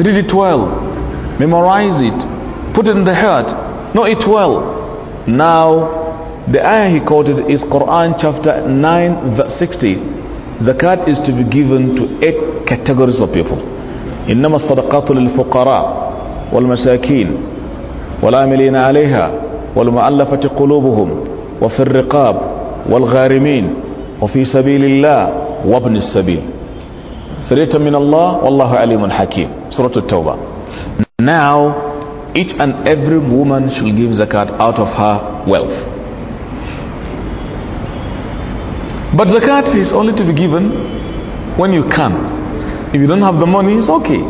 [SPEAKER 1] Read it well, memorize it, put it in the heart, know it well. Now the ayah he quoted is Quran chapter 9, verse 60. Zakat is to be given to eight categories of people. إنما الصدقات للفقراء والمساكين والعاملين عليها والمؤلفة قلوبهم وفي الرقاب والغارمين وفي سبيل الله وابن السبيل فريتا من الله والله عليم حكيم سورة التوبة Now each and every woman should give zakat out of her wealth But zakat is only to be given when you can. If you don't have the money, it's okay.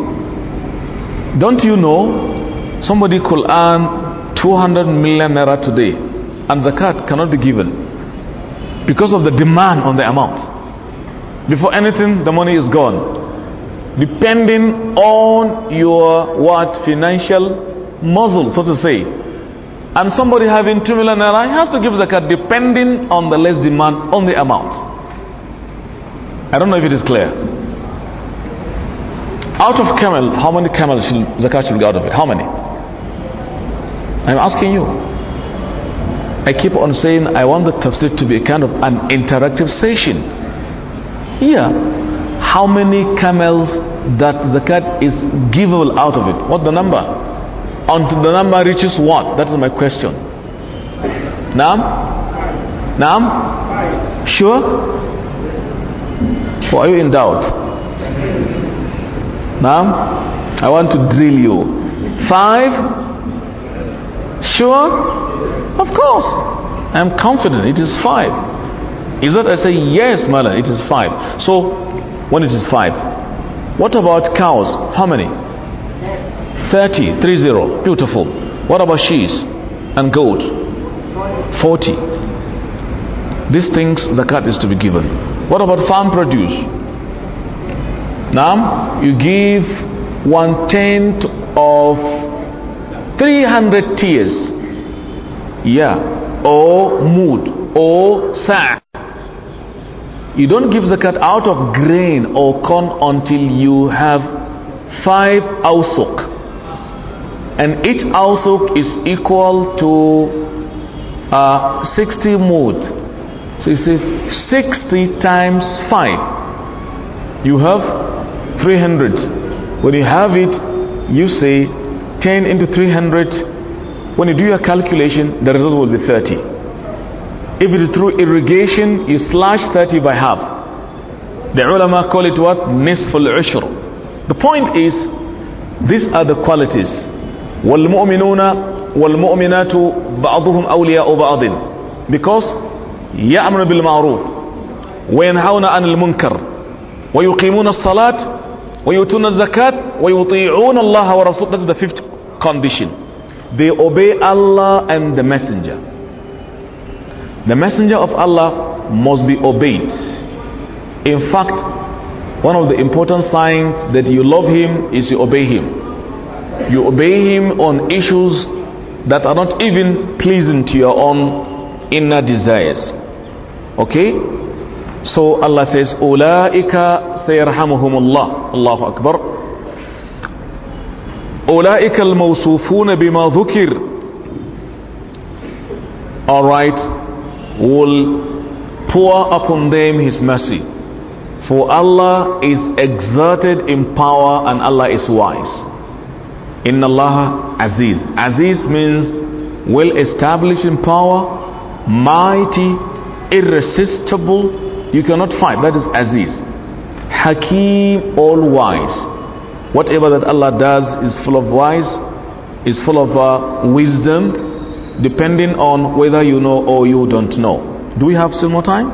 [SPEAKER 1] Don't you know somebody could earn 200 million naira today and zakat cannot be given because of the demand on the amount. Before anything, the money is gone. Depending on your what financial muscle, so to say, and somebody having 2 million naira has to give zakat depending on the less demand on the amount. I don't know if it is clear. Out of camel, how many camels should zakat should be out of it? How many? I'm asking you. I keep on saying I want the tafsir to be a kind of an interactive session. Here, how many camels that zakat is givable out of it? What the number? until the number reaches what? That is my question. Nam? Nam? Sure? Or are you in doubt? Nam? I want to drill you. Five? Sure? Of course. I'm confident it is five. Is that I say yes, Mala, it is five. So when it is five. What about cows? How many? 30, 30, beautiful. What about sheep and goat? 40. These things the cut is to be given. What about farm produce? Now you give one tenth of 300 tears. Yeah, or mood, or sack. You don't give the cut out of grain or corn until you have five ausok and each awsuk is equal to uh, 60 mud so you see 60 times 5 you have 300 when you have it you say 10 into 300 when you do your calculation the result will be 30 if it is through irrigation you slash 30 by half the ulama call it what nisful ushr the point is these are the qualities والمؤمنون والمؤمنات بعضهم أولياء بعض because يأمر بالمعروف وينهون عن المنكر ويقيمون الصلاة ويؤتون الزكاة ويطيعون الله ورسوله that's the fifth condition they obey Allah and the messenger the messenger of Allah must be obeyed in fact one of the important signs that you love him is you obey him you obey him on issues that are not even pleasing to your own inner desires. Okay? So Allah says, Ulaika sayarhamuhumullah. Allahu Akbar. Ulaika al-mawsufuna bima dhukir.
[SPEAKER 3] Alright,
[SPEAKER 1] will pour upon them His mercy. For Allah is exerted in power and Allah is wise. Inna Allah Aziz. Aziz means well established in power, mighty, irresistible. You cannot fight. That is Aziz. Hakim, all wise. Whatever that Allah does is full of wise, is full of uh, wisdom, depending on whether you know or you don't know. Do we have some more time?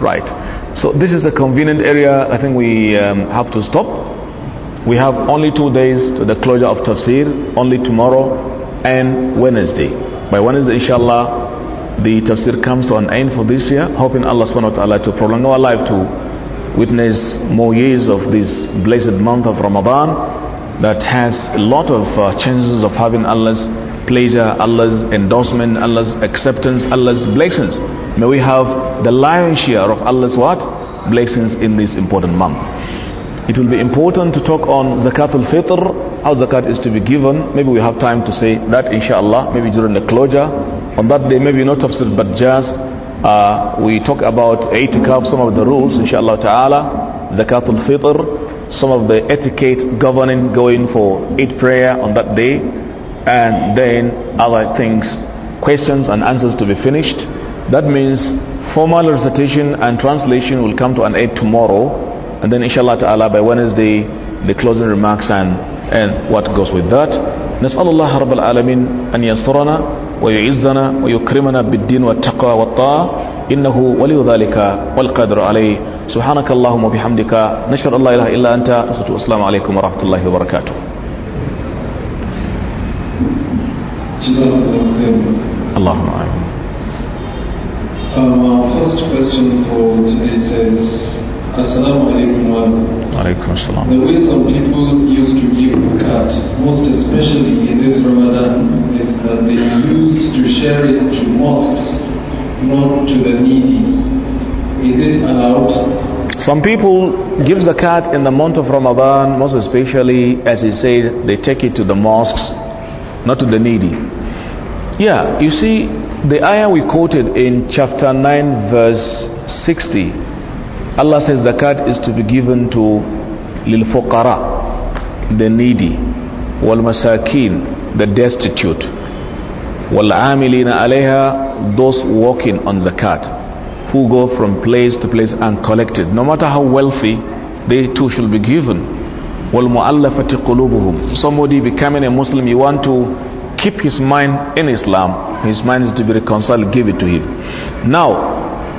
[SPEAKER 1] Right. So this is a convenient area. I think we um, have to stop. We have only two days to the closure of tafsir, only tomorrow and Wednesday. By Wednesday, inshallah, the tafsir comes to an end for this year, hoping Allah subhanahu wa ta'ala to prolong our life to witness more years of this blessed month of Ramadan that has a lot of uh, chances of having Allah's pleasure, Allah's endorsement, Allah's acceptance, Allah's blessings. May we have the lion's share of Allah's what? Blessings in this important month. It will be important to talk on Zakatul Fitr, how Zakat is to be given. Maybe we have time to say that inshallah, maybe during the closure. On that day, maybe not tafsir, but just uh, we talk about itikaf, some of the rules, inshallah ta'ala, Zakatul Fitr, some of the etiquette governing going for Eid prayer on that day, and then other things, questions and answers to be finished. That means formal recitation and translation will come to an end tomorrow. And then inshallah ta'ala by Wednesday, the closing remarks and, and what goes with that. نسأل الله رب العالمين أن ينصرنا ويعزنا ويكرمنا بالدين والتقوى والطاعة إنه ولي ذلك والقدر عليه سبحانك اللهم وبحمدك نشهد الله إله إلا أنت والسلام عليكم ورحمة الله وبركاته
[SPEAKER 2] اللهم آمين Um, our first question for today says Assalamu alaikum
[SPEAKER 1] Alaikum assalam.
[SPEAKER 2] The way some people used to give zakat, most especially in this Ramadan, is that they used to share it to mosques, not to the needy. Is it allowed?
[SPEAKER 1] Some people give zakat in the month of Ramadan, most especially, as he said, they take it to the mosques, not to the needy. Yeah, you see, the ayah we quoted in chapter 9, verse 60 Allah says zakat is to be given to lil fuqara the needy wal masakin the destitute wal amilina alayha those working on zakat who go from place to place and collect it no matter how wealthy they too shall be given wal muallafati qulubuhum somebody becoming a muslim you want to keep his mind in islam his mind is to be reconciled give it to him now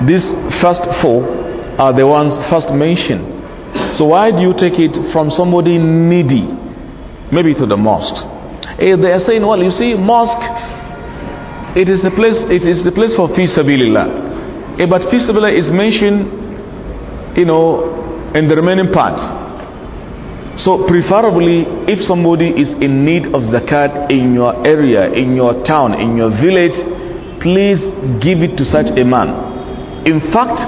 [SPEAKER 1] this first four are the ones first mentioned. So why do you take it from somebody needy, maybe to the mosque? If eh, they are saying, well, you see, mosque, it is the place, it is the place for fisabilillah. Eh, but fisabilillah is mentioned, you know, in the remaining parts. So preferably, if somebody is in need of zakat in your area, in your town, in your village, please give it to such a man. In fact,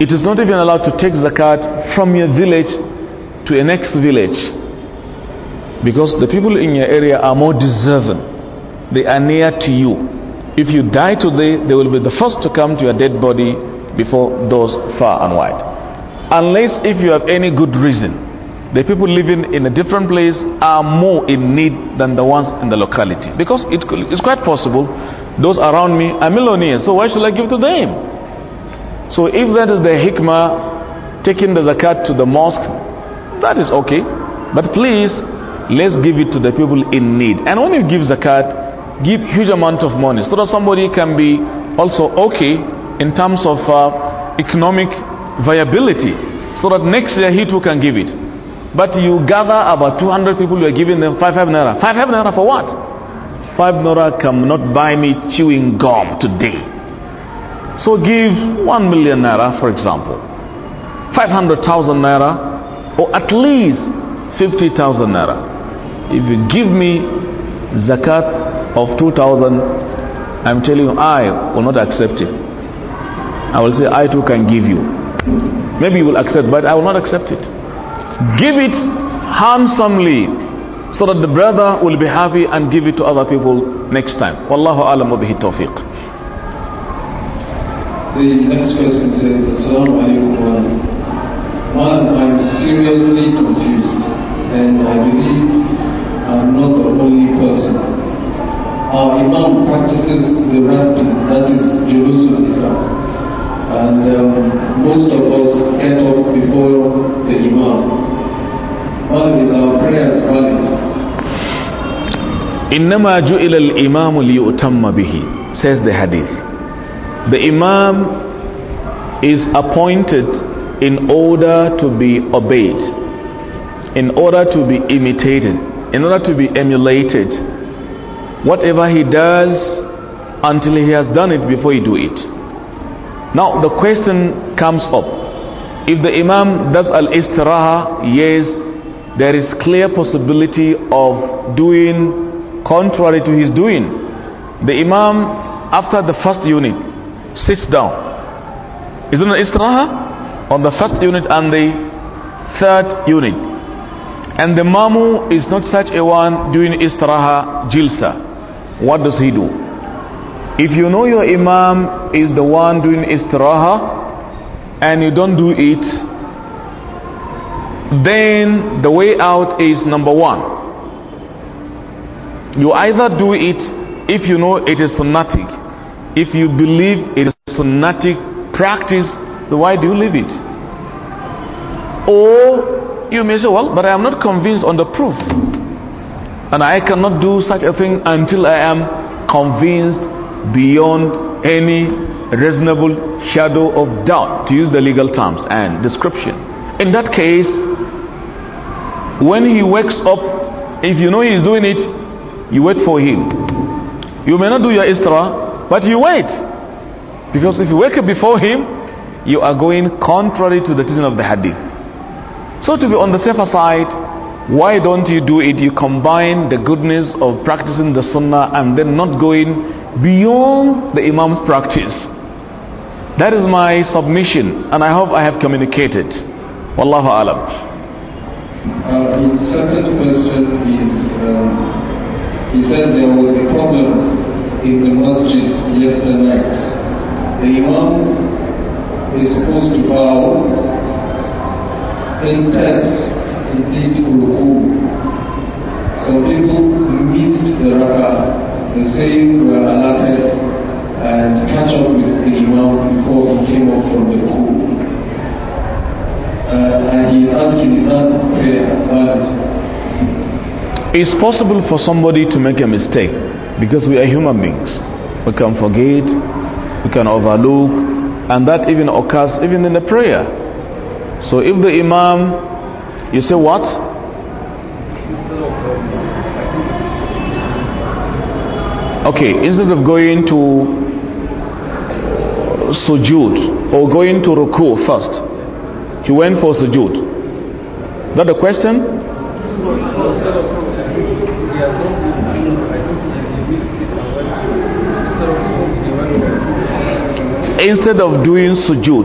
[SPEAKER 1] it is not even allowed to take zakat from your village to a next village because the people in your area are more deserving they are near to you if you die today they will be the first to come to your dead body before those far and wide unless if you have any good reason the people living in a different place are more in need than the ones in the locality because it, it's quite possible those around me are millionaires so why should i give to them so if that is the hikmah, taking the zakat to the mosque, that is okay. But please, let's give it to the people in need. And when you give zakat, give huge amount of money so that somebody can be also okay in terms of uh, economic viability so that next year he too can give it. But you gather about 200 people, you are giving them 5 5 naira. 5 5 naira for what? 5 naira cannot buy me chewing gum today. So give 1 million naira, for example, 500,000 naira, or at least 50,000 naira. If you give me zakat of 2,000, I'm telling you, I will not accept it. I will say, I too can give you. Maybe you will accept, but I will not accept it. Give it handsomely so that the brother will be happy and give it to other people next time. Wallahu alam wa bihi tawfiq.
[SPEAKER 2] The next person says, Assalamu alaikum Man, I'm seriously confused and I believe I'm not the only person. Our Imam practices the rest, that is Jerusalem Islam. And um, most of us get up before the Imam. One is our prayers valid.
[SPEAKER 1] إنما جعل الإمام ليؤتم به says the hadith the Imam is appointed in order to be obeyed, in order to be imitated, in order to be emulated. Whatever he does until he has done it before you do it. Now the question comes up. If the Imam does al-istiraha, yes, there is clear possibility of doing contrary to his doing. The Imam, after the first unit, sits down. Is it an istiraha? On the first unit and the third unit. And the mamu is not such a one doing istiraha jilsa. What does he do? If you know your imam is the one doing istiraha and you don't do it, then the way out is number one. You either do it if you know it is sunnatic if you believe it is sunnatic practice, then why do you leave it? Or you may say, well, but I am not convinced on the proof. And I cannot do such a thing until I am convinced beyond any reasonable shadow of doubt, to use the legal terms and description. In that case, when he wakes up, if you know he is doing it, you wait for him. You may not do your istra, but you wait. Because if you wake up before him, you are going contrary to the teaching of the hadith. So to be on the safer side, why don't you do it? You combine the goodness of practicing the sunnah and then not going beyond the imam's practice. That is my submission and I hope I have communicated. Wallahu alam.
[SPEAKER 2] Uh, his second question is, um, he said there was a problem in the masjid yesterday night. The Imam is supposed to bow. Instead, he did ruku. Some people missed the raka The same were alerted and catch up with the Imam before he came up from the pool. Uh, and he is asking, is prayer? But
[SPEAKER 1] it's possible for somebody to make a mistake because we are human beings. We can forget, we can overlook, and that even occurs even in the prayer. So if the Imam, you say what? Okay, instead of going to sujud or going to ruku first, he went for sujud. That the question? Instead of doing sujood,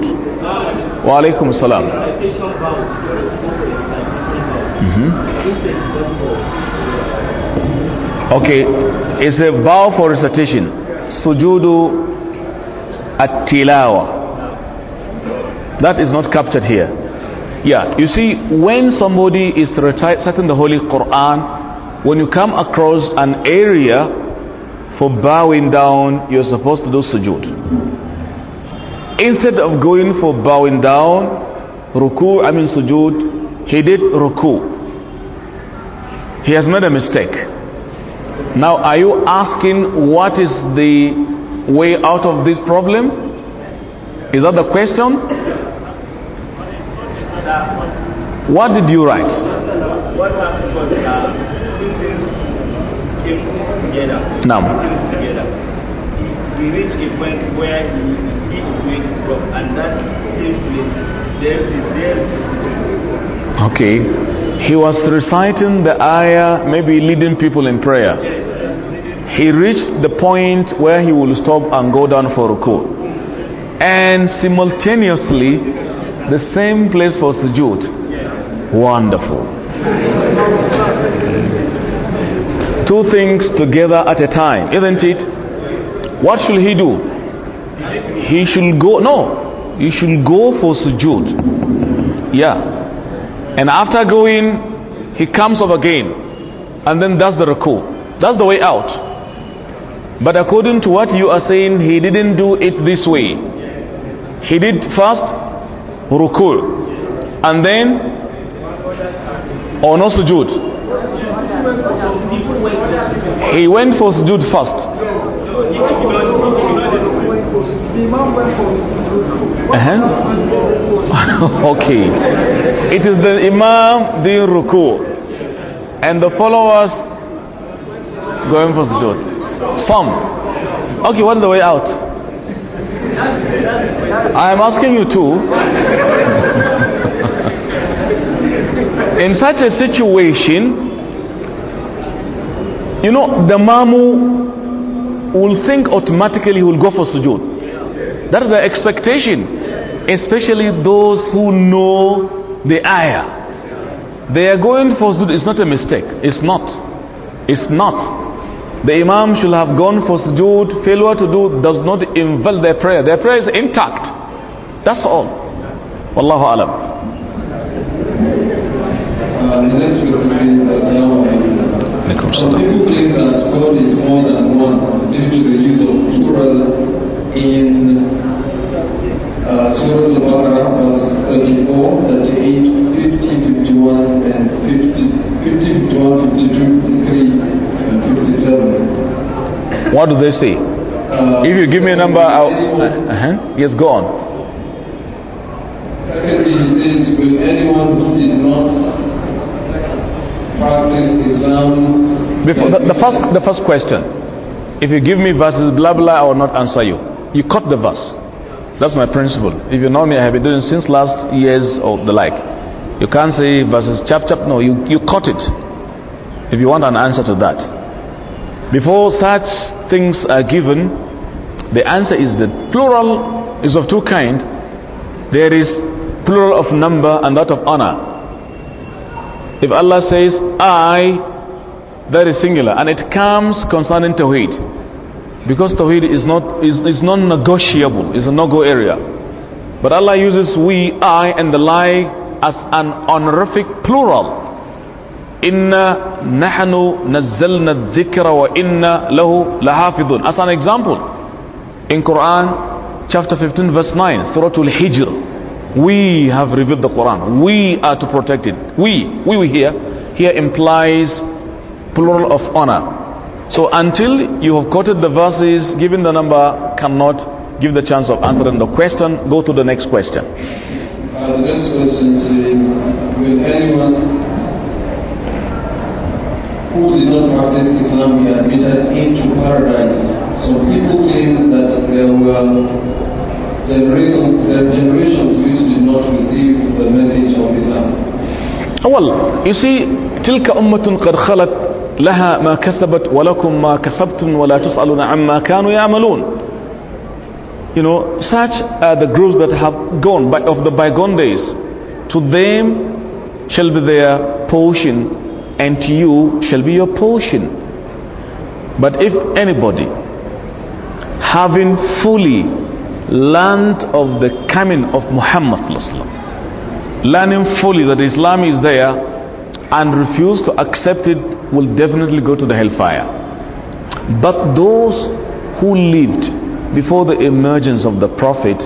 [SPEAKER 1] wa alaikum salam. Mm-hmm. Okay, it's a bow for recitation. Sujudu at-tilawa. is not captured here. Yeah, you see, when somebody is reciting the Holy Quran, when you come across an area for bowing down, you're supposed to do sujood. Instead of going for bowing down, ruku, I mean sujood, he did ruku. He has made a mistake. Now, are you asking what is the way out of this problem? Is that the question? What did you write?
[SPEAKER 4] together. Now. a point where he,
[SPEAKER 1] Okay. He was reciting the ayah, maybe leading people in prayer. He reached the point where he will stop and go down for ruku. And simultaneously, the same place for sujood. Wonderful two things together at a time, isn't it? What should he do? He should go, no, he should go for sujood. Yeah. And after going, he comes up again. And then that's the ruku. That's the way out. But according to what you are saying, he didn't do it this way. He did first ruku. And then, or sujood.
[SPEAKER 3] He went for sujood first.
[SPEAKER 1] Uh-huh. okay. It is the Imam doing ruku. And the followers going for sujood. Some. Okay, what's the way out?
[SPEAKER 3] I am asking you too.
[SPEAKER 1] In such a situation, you know, the mamu will think automatically he will go for sujood. That is the expectation, especially those who know the ayah. They are going for sujood. It's not a mistake. It's not. It's not. The Imam should have gone for sujood. Failure to do does not invalidate their prayer. Their prayer is intact. That's all. Wallahu alam.
[SPEAKER 2] Uh, some people claim that God is more than one due to the use of plural in uh, Surah Al-Baqarah verse 34, 38, 50, 51 and 50, 50 51, 52, 53 and
[SPEAKER 1] 57. What do they say? Uh, if you give me a number, I'll... Uh -huh. Yes, go on.
[SPEAKER 2] Secondly, he says, with anyone who did not practice Islam before, the, the, first, the first
[SPEAKER 1] question, if you give me verses, blah, blah, I will not answer you. You cut the verse. That's my principle. If you know me, I have been doing since last years or the like. You can't say verses chap chap. No, you, you cut it. If you want an answer to that. Before such things are given, the answer is that plural is of two kinds. There is plural of number and that of honor. If Allah says, I that is singular. And it comes concerning Tawhid, Because Tawhid is not is, is non-negotiable, it's a no-go area. But Allah uses we, I, and the like as an honorific plural. Inna nahnu nazzalna dhikra wa inna lahu lahafidun. As an example, in Quran chapter 15 verse 9, Surah Al-Hijr, we have revealed the Quran. We are to protect it. We, we, we here, here implies plural of honor. So until you have quoted the verses, given the number cannot give the chance of answering the question. Go to the next question.
[SPEAKER 2] Uh, the next question is: will anyone who did not practice Islam be admitted into paradise? Some people claim that there were their generations which did not
[SPEAKER 1] receive the message of Islam. Well, you see, تلك أمة قد خلت لها ما كسبت ولكم ما كسبتم ولا تسألون عما كانوا يعملون you know such are the groups that have gone by, of the bygone days to them shall be their portion and to you shall be your portion but if anybody having fully learned of the coming of Muhammad learning fully that Islam is there and refuse to accept it will definitely go to the hellfire. But those who lived before the emergence of the Prophet,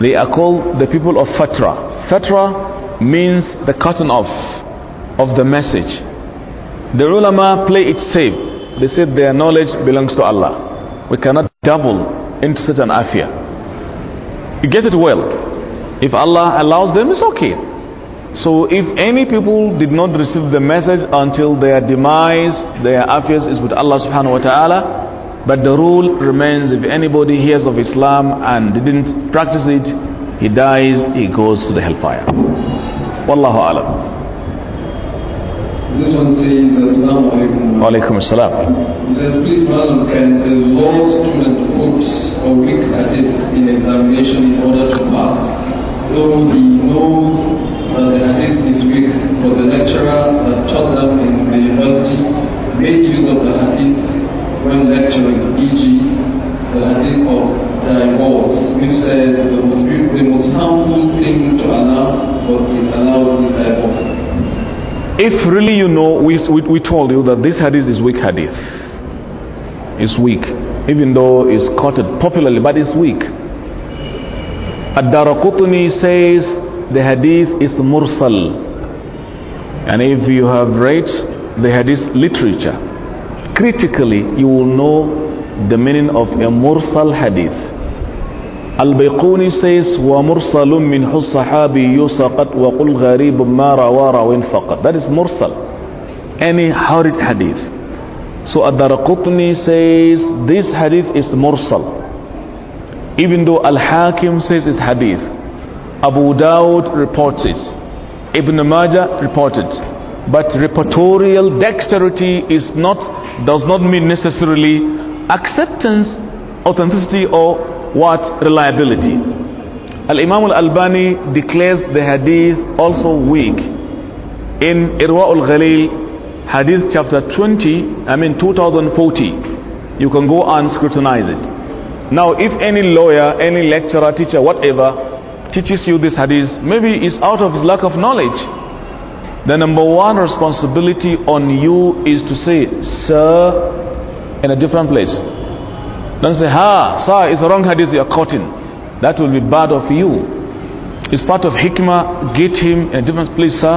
[SPEAKER 1] they are called the people of Fatra. Fatra means the cutting off of the message. The ulama play it safe. They said their knowledge belongs to Allah. We cannot double into such an affair. You get it well. If Allah allows them, it's okay. So if any people did not receive the message until their demise, their affairs is with Allah subhanahu wa ta'ala. But the rule remains if anybody hears of Islam and didn't practice it, he dies, he goes to the hellfire. Wallahu alam.
[SPEAKER 2] This one says, Assalamu alaikum.
[SPEAKER 1] Alaikum assalam.
[SPEAKER 2] He says, please, madam, can the law student quotes a weak hadith in examination in order to pass, though he knows from the hadith this week For the lecturer that taught them in the university made use of the hadith when lecturing, e.g. the hadith of divorce, which says the most, the most harmful thing to allow what is allowed is divorce.
[SPEAKER 1] If really you know, we, we, we told you that this hadith is weak hadith. It's weak, even though it's quoted popularly, but it's weak. ad Darakutni says the hadith is mursal. And if you have read the hadith literature, critically you will know the meaning of a mursal hadith. Al-Bayquni says, "Wa min sahabi yusakat wa qul غَرِيبٌ ma رَوَى رَوِينْ فَقَتْ That is mursal. Any horrid hadith. So Ad-Darqutni says, this hadith is mursal. Even though Al-Hakim says it's hadith. Abu Dawud reports it. Ibn Majah reported. But reportorial dexterity is not, does not mean necessarily acceptance, authenticity, or what? Reliability. Al Imam Al Albani declares the hadith also weak. In Irwa Al Ghalil, hadith chapter 20, I mean 2040, you can go and scrutinize it. Now, if any lawyer, any lecturer, teacher, whatever, teaches you this hadith, maybe it's out of his lack of knowledge. The number one responsibility on you is to say, sir, in a different place. Don't say, ha, sir, it's a wrong hadith you're quoting. That will be bad of you. It's part of hikmah, get him in a different place, sir,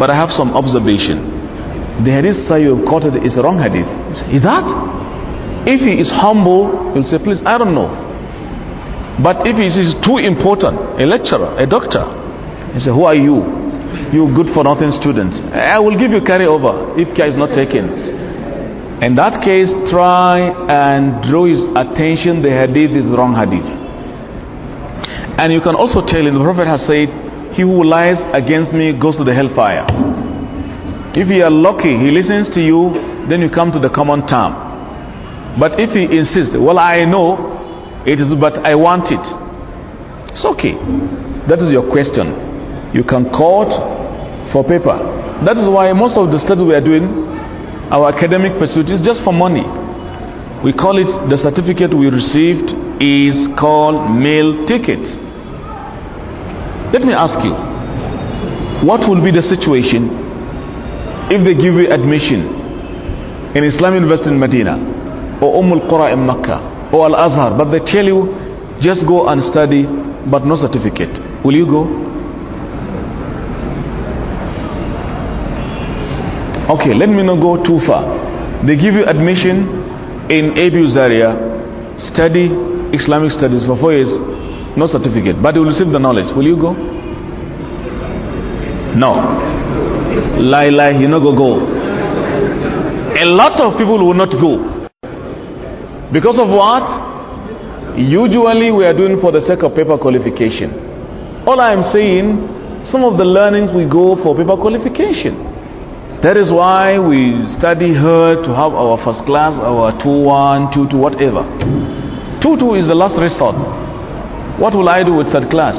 [SPEAKER 1] but I have some observation. The hadith, sir, you have quoted is a wrong hadith. Say, is that? If he is humble, he'll say, please, I don't know. But if it is too important, a lecturer, a doctor, he say, who are you? You good for nothing student. I will give you carry over if care is not taken. In that case, try and draw his attention. The hadith is wrong hadith. And you can also tell him, the Prophet has said, he who lies against me goes to the hellfire. If you are lucky, he listens to you, then you come to the common term. But if he insists, well, I know, it is, but I want it. It's okay. That is your question. You can quote for paper. That is why most of the studies we are doing, our academic pursuit is just for money. We call it the certificate we received is called mail ticket. Let me ask you, what will be the situation if they give you admission in Islamic University in Medina or Umul qura in Mecca? or Al Azhar, but they tell you just go and study, but no certificate. Will you go? Okay, let me not go too far. They give you admission in ABU Zaria, study Islamic studies for four years, no certificate, but you will receive the knowledge. Will you go? No. Lie, lie, you know, go, go. A lot of people will not go because of what? Usually we are doing for the sake of paper qualification. All I am saying, some of the learnings we go for paper
[SPEAKER 3] qualification.
[SPEAKER 1] That is why we study hard to have our first class, our 2-1, 2-2, whatever. 2-2 is the last resort. What will I do with third class?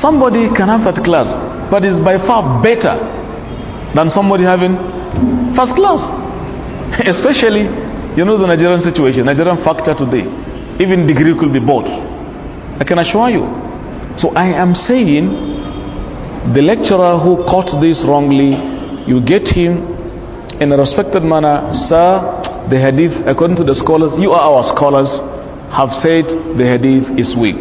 [SPEAKER 1] Somebody can have third class, but it's by far better than somebody having first class. Especially you know the Nigerian situation, Nigerian factor today. Even degree could be bought. I can assure you. So I am saying the lecturer who caught this wrongly, you get him in a respected manner, sir, the hadith, according to the scholars, you are our scholars, have said the hadith is weak.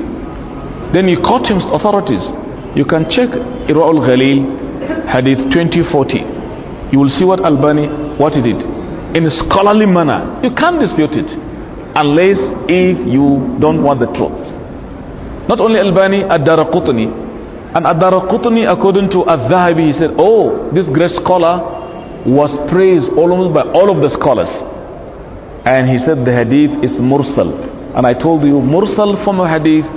[SPEAKER 1] Then you caught him authorities. You can check Ira al Ghalil, hadith 2040. You will see what Albani, what he did in a scholarly manner. You can't dispute it unless if you don't want the truth. Not only Albani, Ad-Daraqutni. And Ad-Daraqutni, according to al he said, oh, this great scholar was praised almost by all of the scholars. And he said the hadith is mursal. And I told you, mursal from a hadith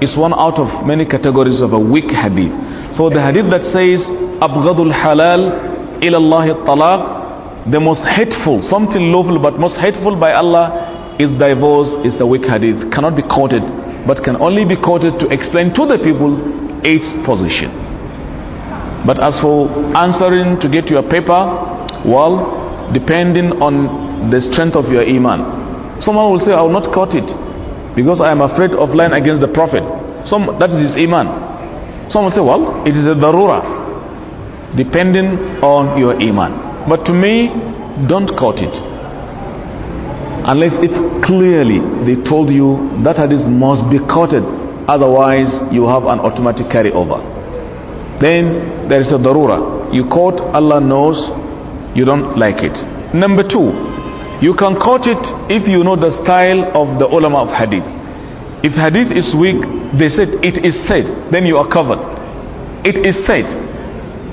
[SPEAKER 1] is one out of many categories of a weak hadith. So the hadith that says, أبغض Halal ilallahi الله the most hateful, something lawful but most hateful by Allah is divorce, is a weak hadith, cannot be quoted, but can only be quoted to explain to the people its position. But as for answering to get your paper, well, depending on the strength of your iman. Someone will say, I will not quote it because I am afraid of lying against the Prophet. Some, that is his iman. Someone will say, well, it is a darura, depending on your iman. But to me, don't quote it. Unless if clearly they told you that hadith must be quoted, otherwise you have an automatic carryover. Then there is a darura. You quote, Allah knows you don't like it. Number two, you can quote it if you know the style of the ulama of hadith. If hadith is weak, they said it is said, then you are covered. It is said,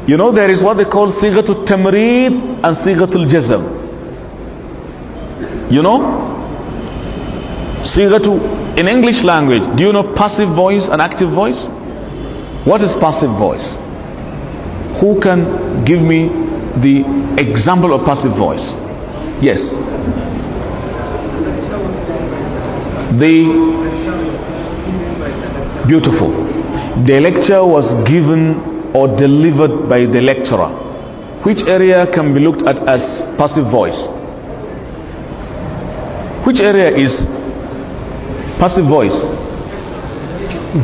[SPEAKER 1] you know there is what they call sigatul tamreed and sigatul jazm. You know? Sigatu in English language, do you know passive voice and active voice? What is passive voice? Who can give me the example of passive voice? Yes. The beautiful. The lecture was given or delivered by the lecturer which area can be looked at as passive voice which area is passive voice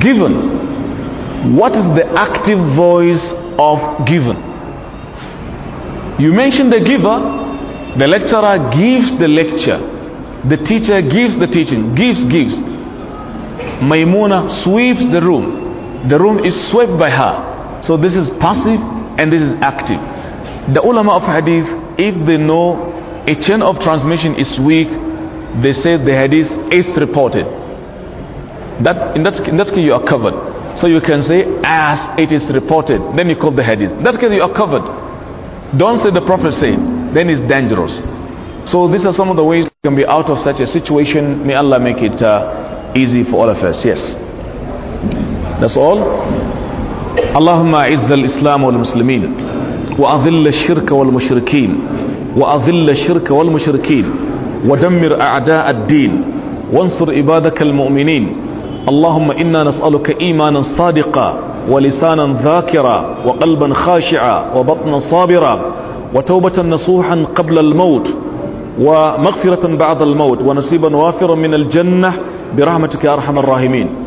[SPEAKER 1] given what is the active voice of given you mention the giver the lecturer gives the lecture the teacher gives the teaching gives gives maimuna sweeps the room the room is swept by her so this is passive and this is active. The ulama of hadith, if they know a chain of transmission is weak, they say the hadith is reported. That in that in that case you are covered. So you can say as it is reported, then you call the hadith. In that case you are covered. Don't say the prophet said, then it's dangerous. So these are some of the ways you can be out of such a situation. May Allah make it uh, easy for all of us. Yes. That's all. اللهم اعز الاسلام والمسلمين واذل الشرك والمشركين واذل الشرك والمشركين ودمر اعداء الدين وانصر عبادك المؤمنين اللهم انا نسالك ايمانا صادقا ولسانا ذاكرا وقلبا خاشعا وبطنا صابرا وتوبه نصوحا قبل الموت ومغفره بعد الموت ونصيبا وافرا من الجنه برحمتك يا ارحم الراحمين